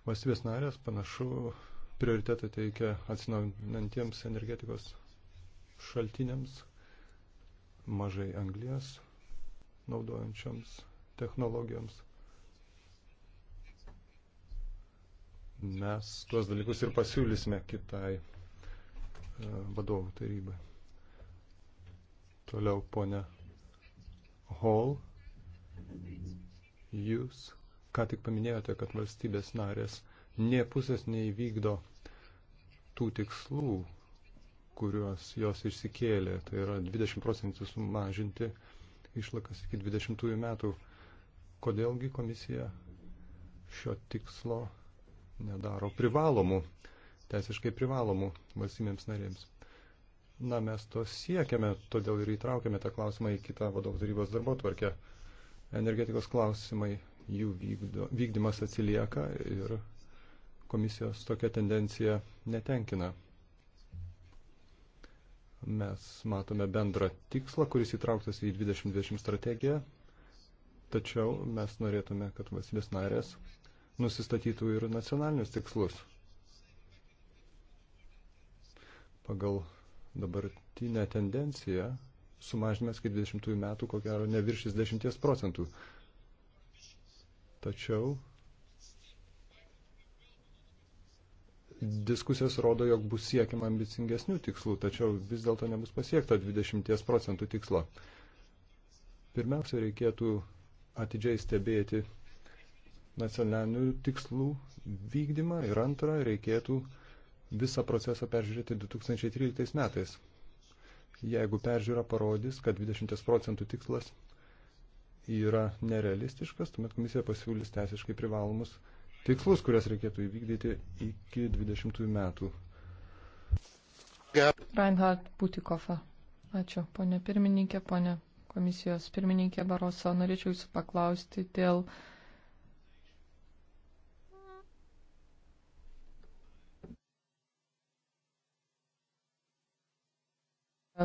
Valstybės narės panašu prioritetą teikia atsinaujinantiems energetikos šaltiniams, mažai anglės naudojančioms technologijoms. mes tuos dalykus ir pasiūlysime kitai e, vadovų tarybai. Toliau ponia Hall, jūs ką tik paminėjote, kad valstybės narės nie pusės neįvykdo tų tikslų, kuriuos jos išsikėlė, tai yra 20 procentų sumažinti išlakas iki 20 metų. Kodėlgi komisija šio tikslo nedaro privalomų, teisiškai privalomų valstybėms narėms. Na, mes to siekiame, todėl ir įtraukėme tą klausimą į kitą vadovų tarybos darbo tvarkę. Energetikos klausimai, jų vykdo, vykdymas atsilieka ir komisijos tokia tendencija netenkina. Mes matome bendrą tikslą, kuris įtrauktas į 2020 strategiją, tačiau mes norėtume, kad valstybės narės nusistatytų ir nacionalinius tikslus. Pagal dabartinę tendenciją sumažinimas iki 20 metų ko gero neviršys 10 procentų. Tačiau diskusijos rodo, jog bus siekiama ambicingesnių tikslų, tačiau vis dėlto nebus pasiekta 20 procentų tikslo. Pirmiausia, reikėtų atidžiai stebėti nacionalinių tikslų vykdymą ir antra, reikėtų visą procesą peržiūrėti 2013 metais. Jeigu peržiūra parodys, kad 20 procentų tikslas yra nerealistiškas, tuomet komisija pasiūlys teisiškai privalomus tikslus, kurias reikėtų įvykdyti iki 20 metų. Reinhard Butikofa. Ačiū, ponė pirmininkė, ponė komisijos pirmininkė Baroso. Norėčiau jūsų paklausti dėl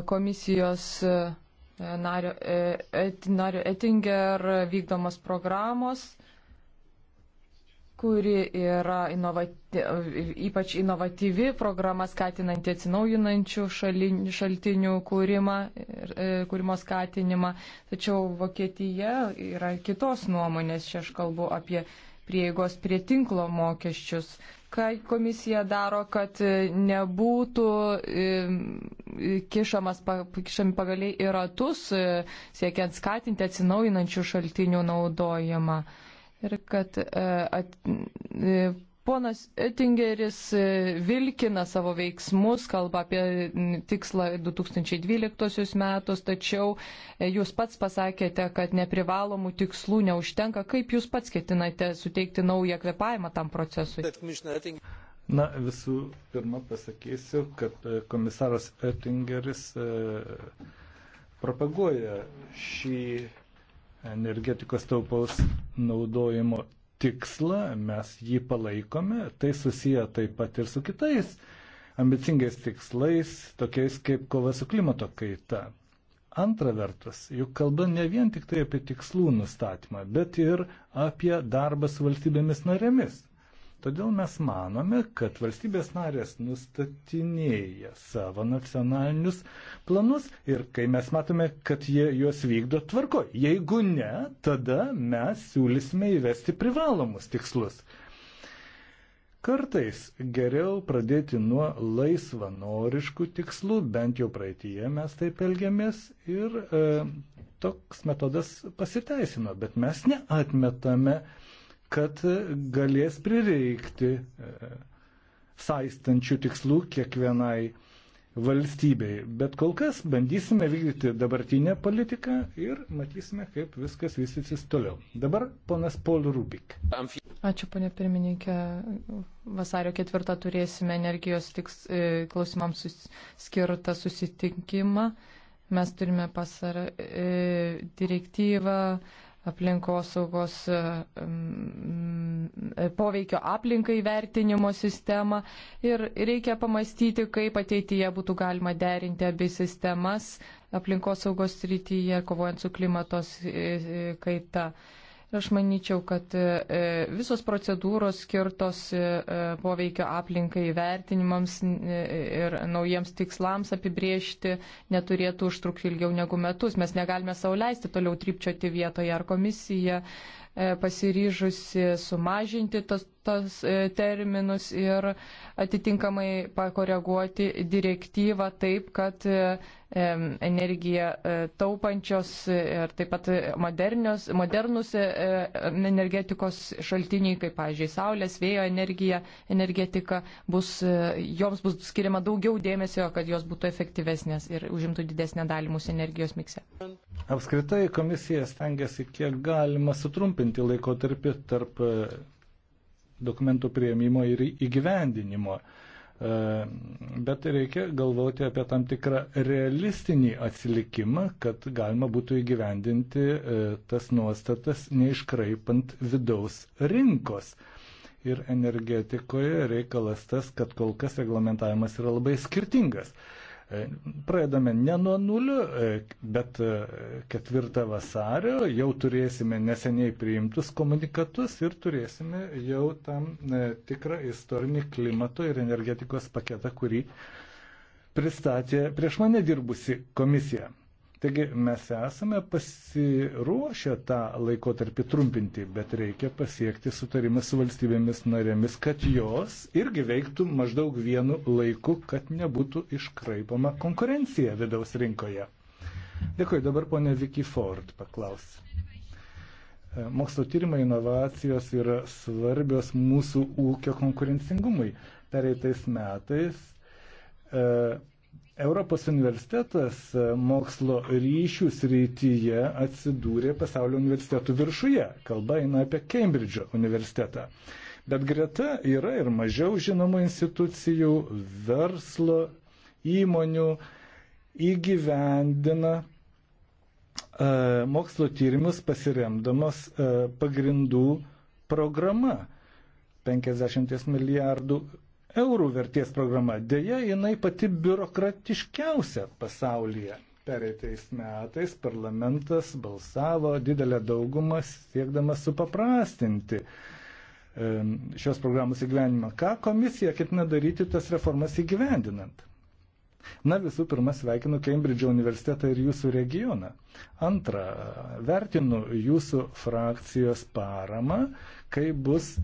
Komisijos e, nario, e, et, nario Ettinger vykdomos programos kuri yra inovati, ypač inovatyvi programa skatinanti atsinaujinančių šalin, šaltinių kūrimą, e, kūrimo skatinimą. Tačiau Vokietija yra kitos nuomonės, čia aš kalbu apie prieigos prie tinklo mokesčius ką komisija daro, kad nebūtų kišamas, kišami pagaliai į ratus, siekiant skatinti atsinaujinančių šaltinių naudojimą. Ir kad e, at, e, Ponas Ettingeris e, vilkina savo veiksmus, kalba apie tikslą 2012 metus, tačiau e, jūs pats pasakėte, kad neprivalomų tikslų neužtenka. Kaip jūs pats ketinate suteikti naują kvepavimą tam procesui? Na, visų pirma pasakysiu, kad e, komisaras Ettingeris propaguoja šį energetikos taupaus naudojimo tikslą, mes jį palaikome, tai susiję taip pat ir su kitais ambicingais tikslais, tokiais kaip kova su klimato kaita. Antra vertus, juk kalba ne vien tik tai apie tikslų nustatymą, bet ir apie darbą su valstybėmis narėmis. Todėl mes manome, kad valstybės narės nustatinėja savo nacionalinius planus ir kai mes matome, kad jie juos vykdo tvarko, jeigu ne, tada mes siūlysime įvesti privalomus tikslus. Kartais geriau pradėti nuo laisvanoriškų tikslų, bent jau praeitie mes taip elgiamės ir e, toks metodas pasiteisino, bet mes neatmetame e, kad galės prireikti e, saistančių tikslų kiekvienai valstybei. Bet kol kas bandysime vykdyti dabartinę politiką ir matysime, kaip viskas vystysis toliau. Dabar ponas Paul Rubik. Ačiū, ponė pirmininkė. Vasario ketvirtą turėsime energijos tiks, e, klausimams sus, skirtą susitikimą. Mes turime pasarą e, direktyvą aplinkosaugos poveikio aplinkai vertinimo sistemą ir reikia pamastyti, kaip ateityje būtų galima derinti abi sistemas aplinkosaugos srityje, kovojant su klimatos e, e, kaita. Aš manyčiau, kad e, e, visos procedūros skirtos e, poveikio aplinkai vertinimams ir naujiems tikslams apibriežti neturėtų užtrukti ilgiau negu metus. Mes negalime sauliaisti toliau trypčioti vietoje ar komisija pasiryžusi sumažinti tos, tos terminus ir atitinkamai pakoreguoti direktyvą taip, kad energiją e, taupančios ir e, taip pat modernios, modernus e, energetikos šaltiniai, kaip, pavyzdžiui, saulės, vėjo energija, energetika, bus, joms bus skiriama daugiau dėmesio, kad jos būtų efektyvesnės ir užimtų didesnę dalį mūsų energijos mikse. Apskritai komisija stengiasi kiek galima sutrumpinti laikotarpį tarp dokumentų prieimimo ir įgyvendinimo. E, bet reikia galvoti apie tam tikrą realistinį atsilikimą, kad galima būtų įgyvendinti e, tas nuostatas neiškraipant vidaus rinkos. Ir energetikoje reikalas tas, kad kol kas reglamentavimas yra labai skirtingas. E, pradedame ne nuo nulio, e, bet e, ketvirtą vasario jau turėsime neseniai priimtus komunikatus ir turėsime jau tam tikrą istorinį klimato ir energetikos paketą, kurį pristatė prieš mane dirbusi komisija. Taigi mes esame pasiruošę tą laikotarpį trumpinti, bet reikia pasiekti sutarimą su valstybėmis narėmis, kad jos irgi veiktų maždaug vienu laiku, kad nebūtų iškraipama konkurencija vidaus rinkoje. Dėkui, dabar ponė Vicky Ford paklaus. E, mokslo tyrimai, inovacijos yra svarbios mūsų ūkio konkurencingumui. Pereitais metais e, Europos universitetas e, mokslo ryšių srityje atsidūrė pasaulio universitetų viršuje. Kalba eina apie Kembridžo universitetą. Bet greta yra ir mažiau žinomų institucijų, verslo, įmonių įgyvendina e, mokslo tyrimus pasiremdamas e, pagrindų programa 50 milijardų eurų vertės programa. Deja, jinai pati biurokratiškiausia pasaulyje. Pereitais metais parlamentas balsavo didelę daugumą siekdamas supaprastinti šios programos įgyvenimą. Ką komisija ketina daryti tas reformas įgyvendinant? Na visų pirma, sveikinu Kembridžo universitetą ir jūsų regioną. Antra, vertinu jūsų frakcijos paramą, kai bus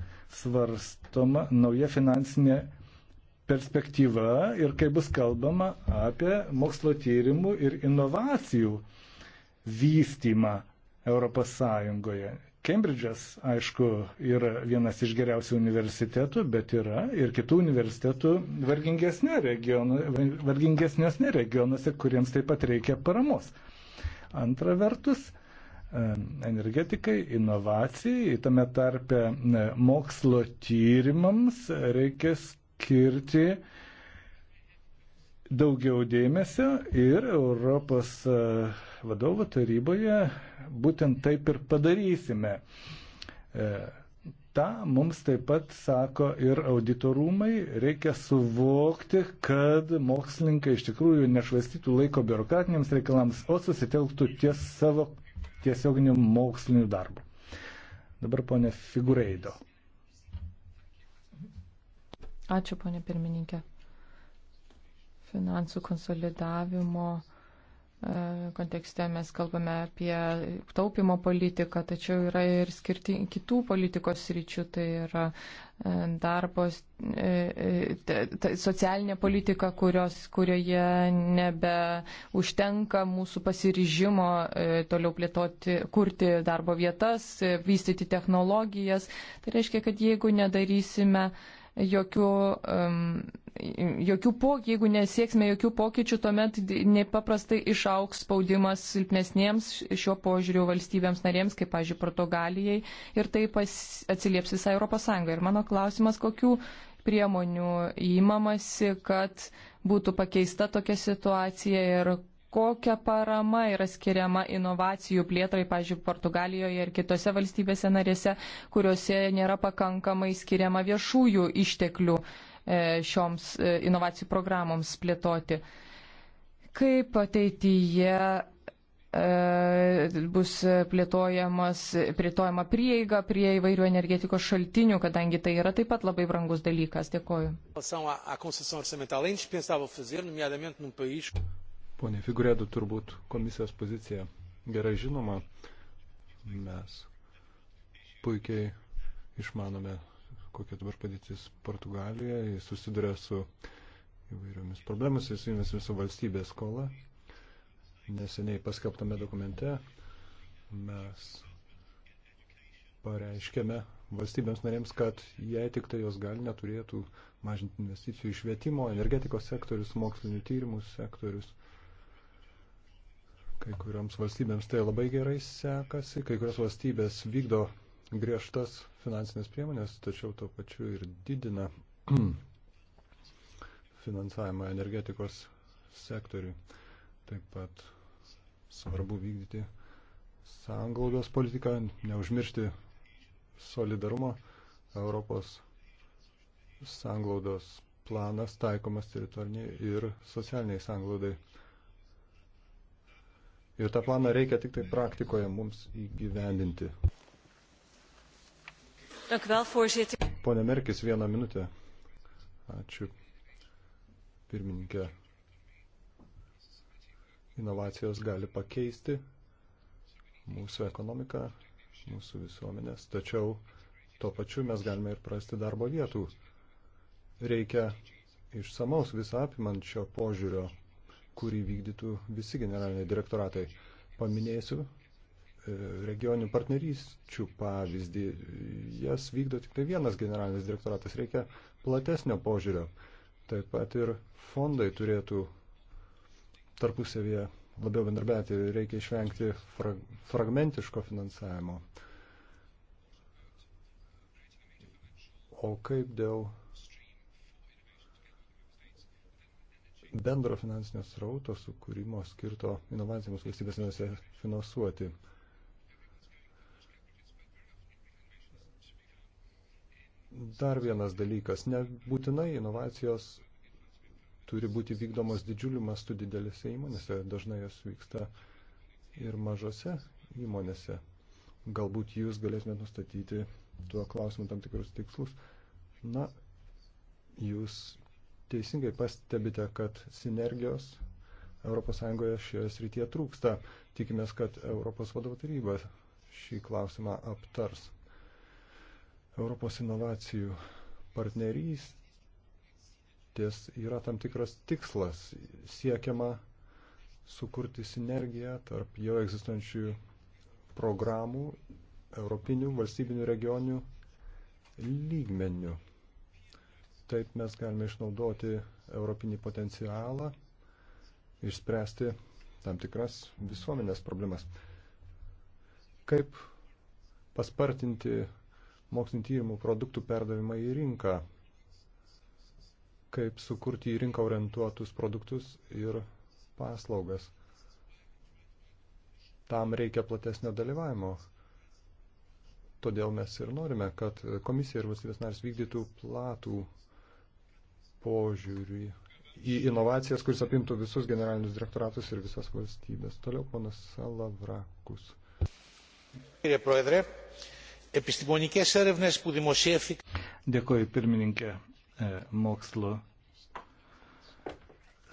svarstoma nauja finansinė perspektyva ir kai bus kalbama apie mokslo tyrimų ir inovacijų vystymą Europos Sąjungoje. Kembridžas, aišku, yra vienas iš geriausių universitetų, bet yra ir kitų universitetų regionu, vargingesnėse regionuose, kuriems taip pat reikia paramos. Antra vertus, energetikai, inovacijai, tame tarpe mokslo tyrimams reikės skirti daugiau dėmesio ir Europos e, vadovų taryboje būtent taip ir padarysime. E, Ta mums taip pat sako ir auditorumai, reikia suvokti, kad mokslininkai iš tikrųjų nešvaistytų laiko biurokratiniams reikalams, o susitelktų ties savo tiesioginiu moksliniu darbu. Dabar ponė Figureido. Ačiū, ponė pirmininkė. Finansų konsolidavimo e, kontekste mes kalbame apie taupimo politiką, tačiau yra ir skirti kitų politikos ryčių, tai yra e, darbos, e, socialinė politika, kurios, kurioje nebeužtenka mūsų pasiryžimo toliau plėtoti, kurti darbo vietas, vystyti technologijas. Tai reiškia, kad jeigu nedarysime jokių, um, jokių pokyčių, jeigu nesieksime jokių pokyčių, tuomet nepaprastai išauks spaudimas silpnesniems šiuo požiūriu valstybėms narėms, kaip, pažiūrėjau, Portugalijai, ir tai pas, atsilieps visai ES. Ir mano klausimas, kokių priemonių įmamasi, kad būtų pakeista tokia situacija ir kokia parama yra skiriama inovacijų plėtrai, pažiūrėjau, Portugalijoje ir kitose valstybėse narėse, kuriuose nėra pakankamai skiriama viešųjų išteklių e, šioms e, inovacijų programoms plėtoti. Kaip ateityje e, bus plėtojamas, plėtojama prieiga prie įvairių energetikos šaltinių, kadangi tai yra taip pat labai brangus dalykas. Dėkoju. Pone Figurėdu, turbūt komisijos pozicija gerai žinoma. Mes puikiai išmanome, kokia dabar padėtis Portugalijoje. Jis susiduria su įvairiomis problemas, jis įmės visą valstybės skolą. Neseniai paskelbtame dokumente mes pareiškėme valstybėms narėms, kad jei tik tai jos gali, neturėtų mažinti investicijų į švietimo, energetikos sektorius, mokslinių tyrimų sektorius. Kai kuriams valstybėms tai labai gerai sekasi, kai kurios valstybės vykdo griežtas finansinės priemonės, tačiau tuo pačiu ir didina finansavimą energetikos sektoriui. Taip pat svarbu vykdyti sąnglaudos politiką, neužmiršti solidarumo. Europos sąnglaudos planas taikomas teritoriniai ir socialiniai sąnglaudai. Ir tą planą reikia tik tai praktikoje mums įgyvendinti. Pone Merkis, vieną minutę. Ačiū. Pirmininkė. Inovacijos gali pakeisti mūsų ekonomiką, mūsų visuomenės, tačiau tuo pačiu mes galime ir prasti darbo vietų. Reikia išsamaus visą apimančio požiūrio kurį vykdytų visi generaliniai direktoratai. Paminėsiu e, regioninių partnerysčių pavyzdį. Jas vykdo tik tai vienas generalinis direktoratas. Reikia platesnio požiūrio. Taip pat ir fondai turėtų tarpusavėje labiau bendarbiauti. Reikia išvengti frag fragmentiško finansavimo. O kaip dėl bendro finansinio srauto sukūrimo skirto inovacijoms valstybės narėse finansuoti. Dar vienas dalykas. Nebūtinai inovacijos turi būti vykdomos didžiuliu mastu didelėse įmonėse, dažnai jos vyksta ir mažose įmonėse. Galbūt jūs galėtumėte nustatyti tuo klausimu tam tikrus tikslus. Na, jūs teisingai pastebite, kad sinergijos ES šioje srityje trūksta. Tikimės, kad Europos vadovų taryba šį klausimą aptars. Europos inovacijų partnerystės yra tam tikras tikslas. Siekiama sukurti sinergiją tarp jau egzistuojančių programų europinių, valstybinių, regionių lygmenių. Taip mes galime išnaudoti europinį potencialą, išspręsti tam tikras visuomenės problemas. Kaip paspartinti mokslinio tyrimų produktų perdavimą į rinką, kaip sukurti į rinką orientuotus produktus ir paslaugas. Tam reikia platesnio dalyvavimo. Todėl mes ir norime, kad komisija ir valstybės narys vykdytų platų požiūriui į inovacijas, kuris apimtų visus generalinius direktoratus ir visas valstybės. Toliau ponas Salavrakus. Dėkoju pirmininkė e, mokslo.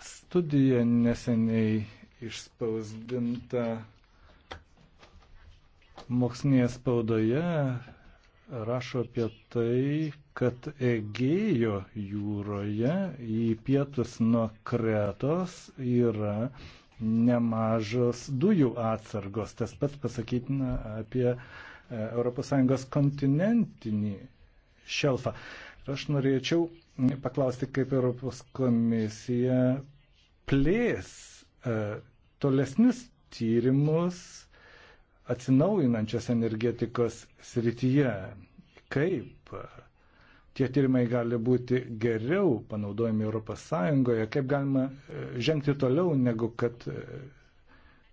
Studija neseniai išspausdinta mokslinėje spaudoje rašo apie tai, kad Egėjo jūroje į pietus nuo Kretos yra nemažos dujų atsargos. Tas pats pasakytina apie ES kontinentinį šelfą. Aš norėčiau paklausti, kaip Europos komisija plės e, tolesnius tyrimus atsinaujinančios energetikos srityje. Kaip tie tyrimai gali būti geriau panaudojami ES, kaip galima e, žengti toliau, negu kad e,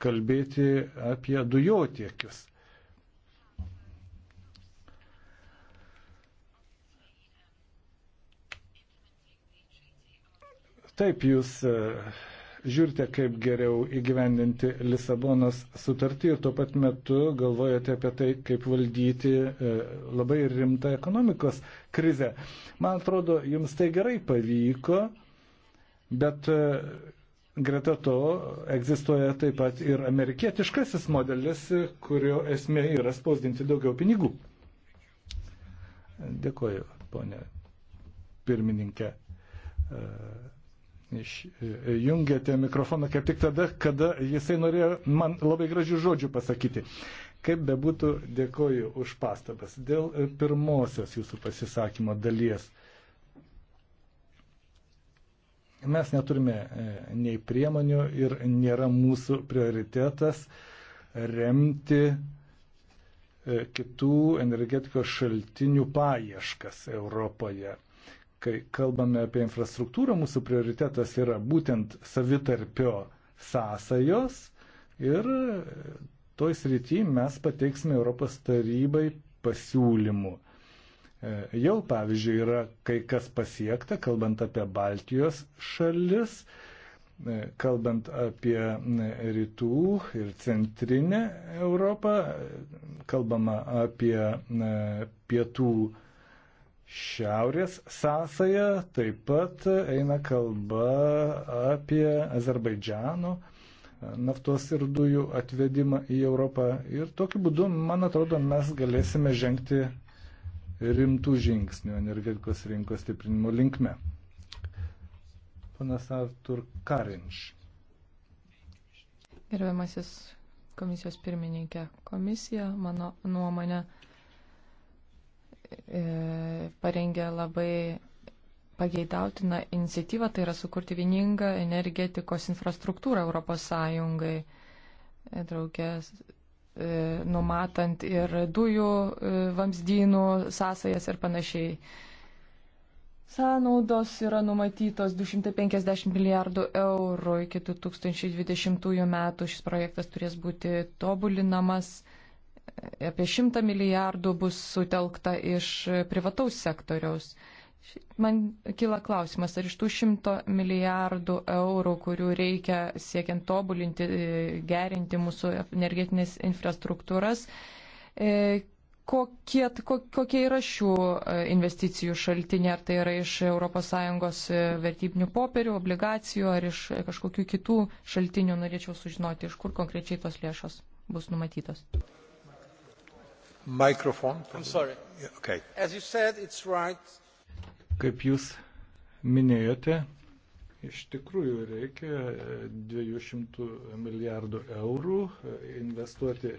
kalbėti apie dujotiekius. Taip, jūs e, žiūrite, kaip geriau įgyvendinti Lisabonos sutartį ir tuo pat metu galvojate apie tai, kaip valdyti e, labai rimtą ekonomikos krizę. Man atrodo, jums tai gerai pavyko, bet e, greta to egzistuoja taip pat ir amerikietiškasis modelis, kurio esmė yra spausdinti daugiau pinigų. Dėkuoju, ponė pirmininkė. Uh išjungėte e, mikrofoną kaip tik tada, kada jisai norėjo man labai gražių žodžių pasakyti. Kaip bebūtų, dėkoju už pastabas. Dėl e, pirmosios jūsų pasisakymo dalies. Mes neturime e, nei priemonių ir nėra mūsų prioritetas remti kitų energetikos šaltinių paieškas Europoje. Kai kalbame apie infrastruktūrą, mūsų prioritetas yra būtent savitarpio sąsajos ir toj srity mes pateiksime Europos tarybai pasiūlymų. E, jau, pavyzdžiui, yra kai kas pasiekta, kalbant apie Baltijos šalis, e, kalbant apie e, rytų ir centrinę Europą, kalbama apie pietų šiaurės sąsają, taip pat eina kalba apie Azerbaidžiano naftos ir dujų atvedimą į Europą. Ir tokiu būdu, man atrodo, mes galėsime žengti rimtų žingsnių energetikos rinkos stiprinimo linkme. Panas Artur Karinš. Gerbiamasis komisijos pirmininkė, komisija, mano nuomonė, E, parengė labai pageidautiną iniciatyvą, tai yra sukurti vieningą energetikos infrastruktūrą Europos Sąjungai, e, draugės, e, numatant ir dujų vamzdynų sąsajas ir panašiai. Sąnaudos yra numatytos 250 milijardų eurų iki 2020 metų. Šis projektas turės būti tobulinamas apie 100 milijardų bus sutelkta iš privataus sektoriaus. Man kila klausimas, ar iš tų 100 milijardų eurų, kurių reikia siekiant tobulinti, e, gerinti mūsų energetinės infrastruktūras, e, kokie, kokie yra šių e, investicijų šaltiniai, ar tai yra iš ES vertybinių popierių, obligacijų, ar iš kažkokių kitų šaltinių, norėčiau sužinoti, iš kur konkrečiai tos lėšos bus numatytos. Okay. Said, right. Kaip jūs minėjote, iš tikrųjų reikia 200 e, milijardų eurų e, investuoti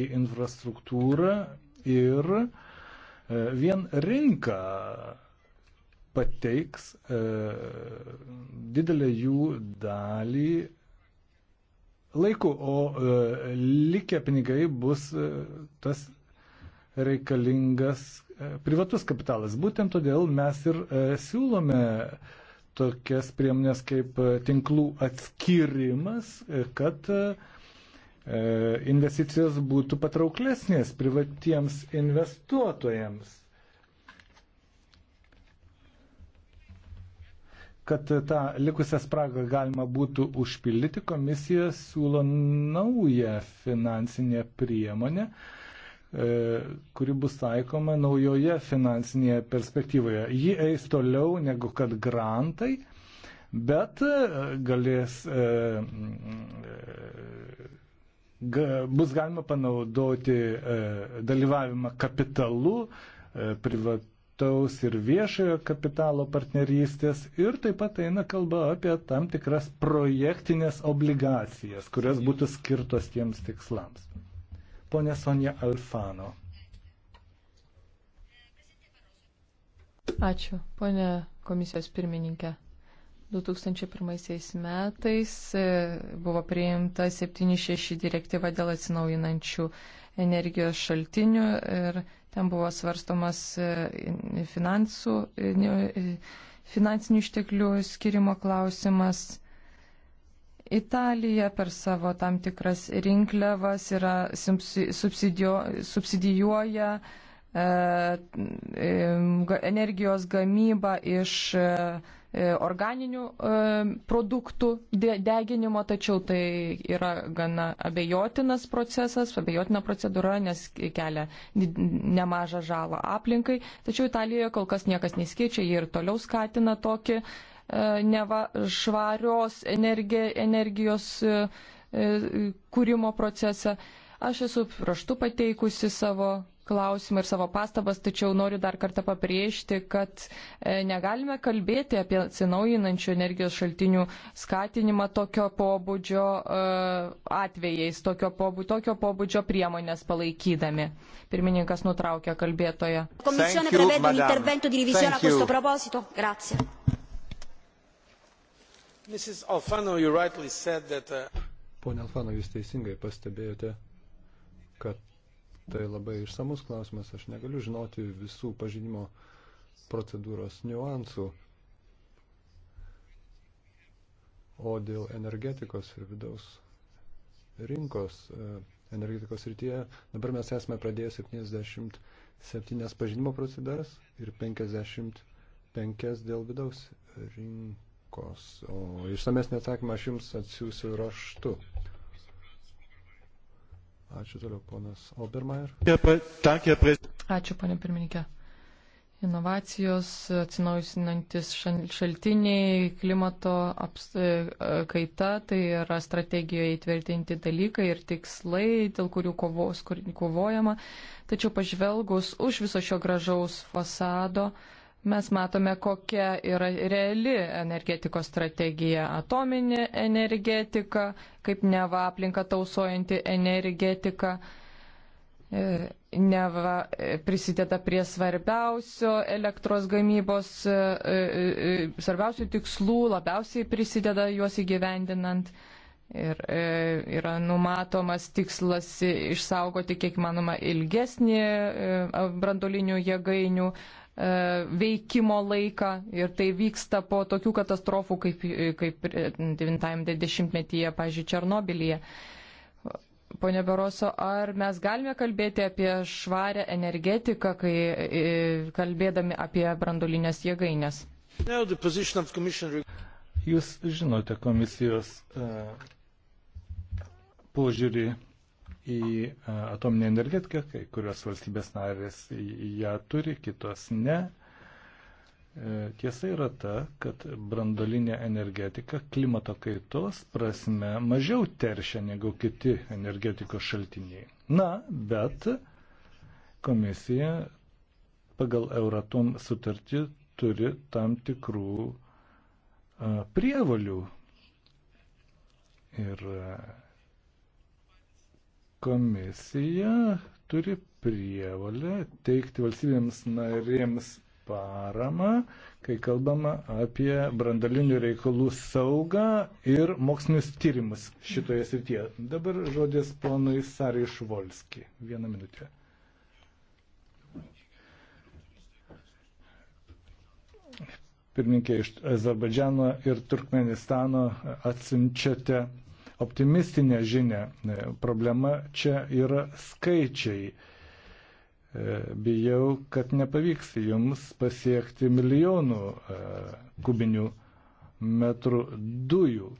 į infrastruktūrą ir e, vien rinka pateiks didelę jų dalį laiku, o likę pinigai bus tas reikalingas e, privatus kapitalas. Būtent todėl mes ir e, siūlome tokias priemonės kaip e, tinklų atskirimas, kad investicijos būtų patrauklesnės privatiems investuotojams. Kad tą likusią spragą galima būtų užpildyti, komisija siūlo naują finansinę priemonę, uh, E, kuri bus taikoma naujoje finansinėje perspektyvoje. Ji eis toliau negu kad grantai, bet e, galės, e, bus galima panaudoti dalyvavimą kapitalu, privataus ir viešojo kapitalo partnerystės ir taip pat eina kalba apie tam tikras projektinės obligacijas, kurios būtų skirtos tiems tikslams. Pone Sonja Alfano. Ačiū, ponė komisijos pirmininkė. 2001 metais e, buvo priimta 76 direktyva dėl atsinaujinančių energijos šaltinių ir ten buvo svarstomas e, finansų, e, finansinių išteklių skirimo klausimas Italija per savo tam tikras rinkliavas yra subsidijuoja e, energijos gamybą iš e, e, organinių produktų deginimo, tačiau tai yra gana abejotinas procesas, abejotina procedūra, nes kelia nemažą žalą aplinkai. Tačiau Italijoje kol kas niekas nesikeičia, jie ir toliau skatina tokį neva švarios energi, energijos e, e, kūrimo procesą. Aš esu raštu pateikusi savo klausimą ir savo pastabas, tačiau noriu dar kartą pabrėžti, kad e, negalime kalbėti apie atsinaujinančių energijos šaltinių skatinimą tokio pobūdžio atvejais, tokio pobūdžio, tokio pobūdžio priemonės palaikydami. Pirmininkas nutraukė kalbėtoją. Komisija prevede un intervento di revisione a questo proposito. Grazie. Mrs. Alfano, you rightly said that. Uh... Pone Alfano, jūs teisingai pastebėjote, kad tai labai išsamus klausimas. Aš negaliu žinoti visų pažinimo procedūros niuansų. O dėl energetikos ir vidaus rinkos e, energetikos rytyje dabar mes esame pradėję 77 pažinimo procedūras ir 55 dėl vidaus rinkos įtakos. O išsamesnį atsakymą aš jums atsiųsiu raštu. Ačiū toliau, ponas Obermeier. Ačiū, ponė pirmininkė. Inovacijos, atsinaujusinantis šaltiniai, klimato e, e, kaita, tai yra strategijoje įtvirtinti dalykai ir tikslai, dėl kurių kovos, kur, kovojama. Tačiau pažvelgus už viso šio gražaus fasado, uh, mes matome, kokia yra reali energetikos strategija - atominė energetika, kaip neva aplinka tausojanti energetika, e, neva e, prisideda prie svarbiausio elektros gamybos, e, svarbiausių tikslų, labiausiai prisideda juos įgyvendinant. Ir yra numatomas tikslas išsaugoti kiek manoma ilgesnį brandolinių jėgainių E, veikimo laiką ir tai vyksta po tokių katastrofų kaip, kaip 90-metyje, e, pažiūrėjau, Černobilyje. Pone Baroso, ar mes galime kalbėti apie švarę energetiką, kai e, kalbėdami apie brandolinės jėgainės? Jūs žinote komisijos uh, požiūrį į e, atominę energetiką, kai kurios valstybės narės ją turi, kitos ne. E, tiesa yra ta, kad brandolinė energetika klimato kaitos prasme mažiau teršia negu kiti energetikos šaltiniai. Na, bet komisija pagal Euratom sutartį turi tam tikrų e, prievalių. Ir Komisija turi prievalę teikti valstybėms narėms paramą, kai kalbama apie brandalinių reikalų saugą ir mokslinius tyrimus šitoje srityje. Dabar žodis ponui Sarai Švolski. Vieną minutę. Pirmininkė iš Azerbaidžiano ir Turkmenistano atsinčiate optimistinę žinę. E, problema čia yra skaičiai. E, bijau, kad nepavyks jums pasiekti milijonų e, kubinių metrų dujų.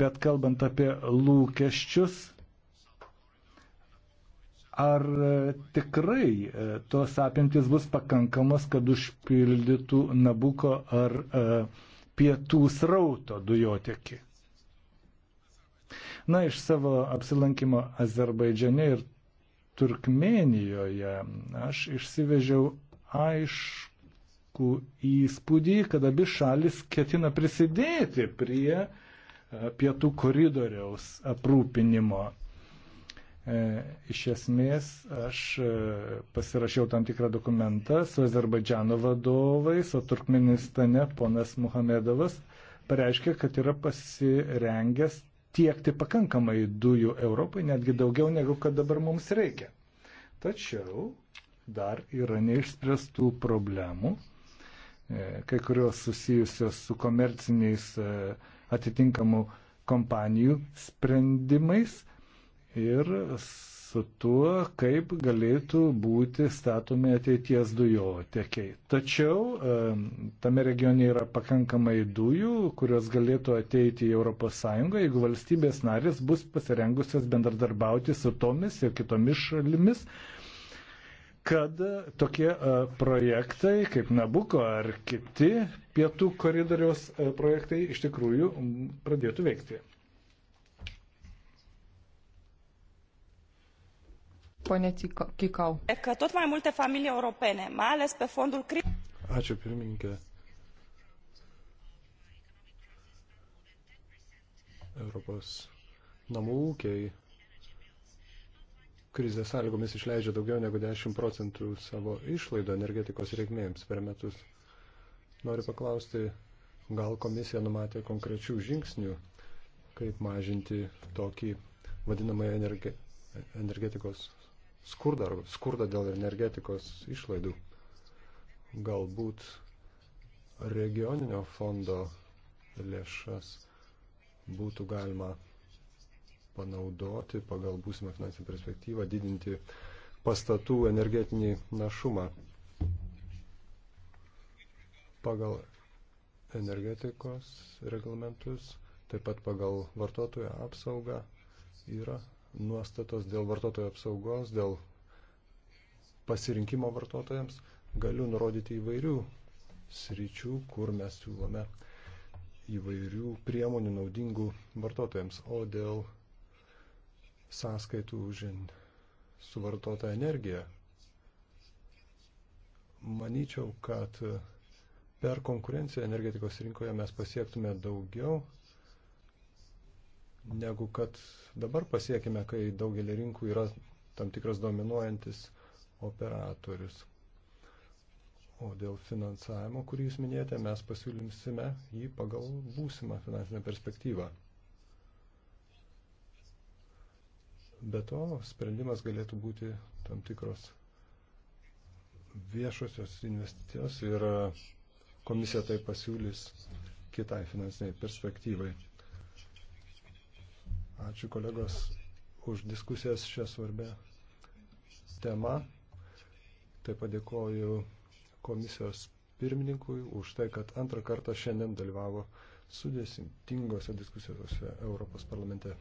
Bet kalbant apie lūkesčius, ar tikrai tos apimtis bus pakankamos, kad užpildytų Nabuko ar pietų srauto dujotekį? Na, iš savo apsilankimo Azerbaidžiane ir Turkmenijoje aš išsivežiau aišku įspūdį, kad abi šalis ketina prisidėti prie e, pietų koridoriaus aprūpinimo. E, iš esmės aš e, pasirašiau tam tikrą dokumentą su Azerbaidžiano vadovais, o Turkmenistane ponas Muhamedovas pareiškė, kad yra pasirengęs tiekti pakankamai dujų Europai, netgi daugiau negu kad dabar mums reikia. Tačiau dar yra neišspręstų problemų, e, kai kurios susijusios su komerciniais e, atitinkamų kompanijų sprendimais ir su tuo, kaip galėtų būti statomi ateities dujotekiai. Tačiau tame regione yra pakankamai dujų, kurios galėtų ateiti į ES, jeigu valstybės narės bus pasirengusios bendradarbiauti su tomis ir kitomis šalimis kad tokie e, projektai kaip Nabuko ar kiti pietų koridoriaus e, projektai iš tikrųjų pradėtų veikti. ponė Kikau. Ačiū pirmininkė. Europos namų ūkiai krizės sąlygomis išleidžia daugiau negu 10 procentų savo išlaidų energetikos reikmėms per metus. Noriu paklausti, gal komisija numatė konkrečių žingsnių, kaip mažinti tokį vadinamą energe, energetikos skurdą, skurdą dėl energetikos išlaidų. Galbūt regioninio fondo lėšas būtų galima panaudoti pagal būsimą finansinę perspektyvą, didinti pastatų energetinį našumą. Pagal energetikos reglamentus, taip pat pagal vartotojų apsaugą yra nuostatos dėl vartotojo apsaugos, dėl pasirinkimo vartotojams. Galiu nurodyti įvairių sričių, kur mes siūlome įvairių priemonių naudingų vartotojams. O dėl sąskaitų už suvartotą energiją, manyčiau, kad per konkurenciją energetikos rinkoje mes pasiektume daugiau negu kad dabar pasiekime, kai daugelį rinkų yra tam tikras dominuojantis operatorius. O dėl finansavimo, kurį jūs minėjote, mes pasiūlymsime jį pagal būsimą finansinę perspektyvą. Be to, sprendimas galėtų būti tam tikros viešosios investicijos ir komisija tai pasiūlys kitai finansiniai perspektyvai. Ačiū kolegos už diskusijas šią svarbę temą. Taip pat dėkoju komisijos pirmininkui už tai, kad antrą kartą šiandien dalyvavo sudėsintingose diskusijose Europos parlamente.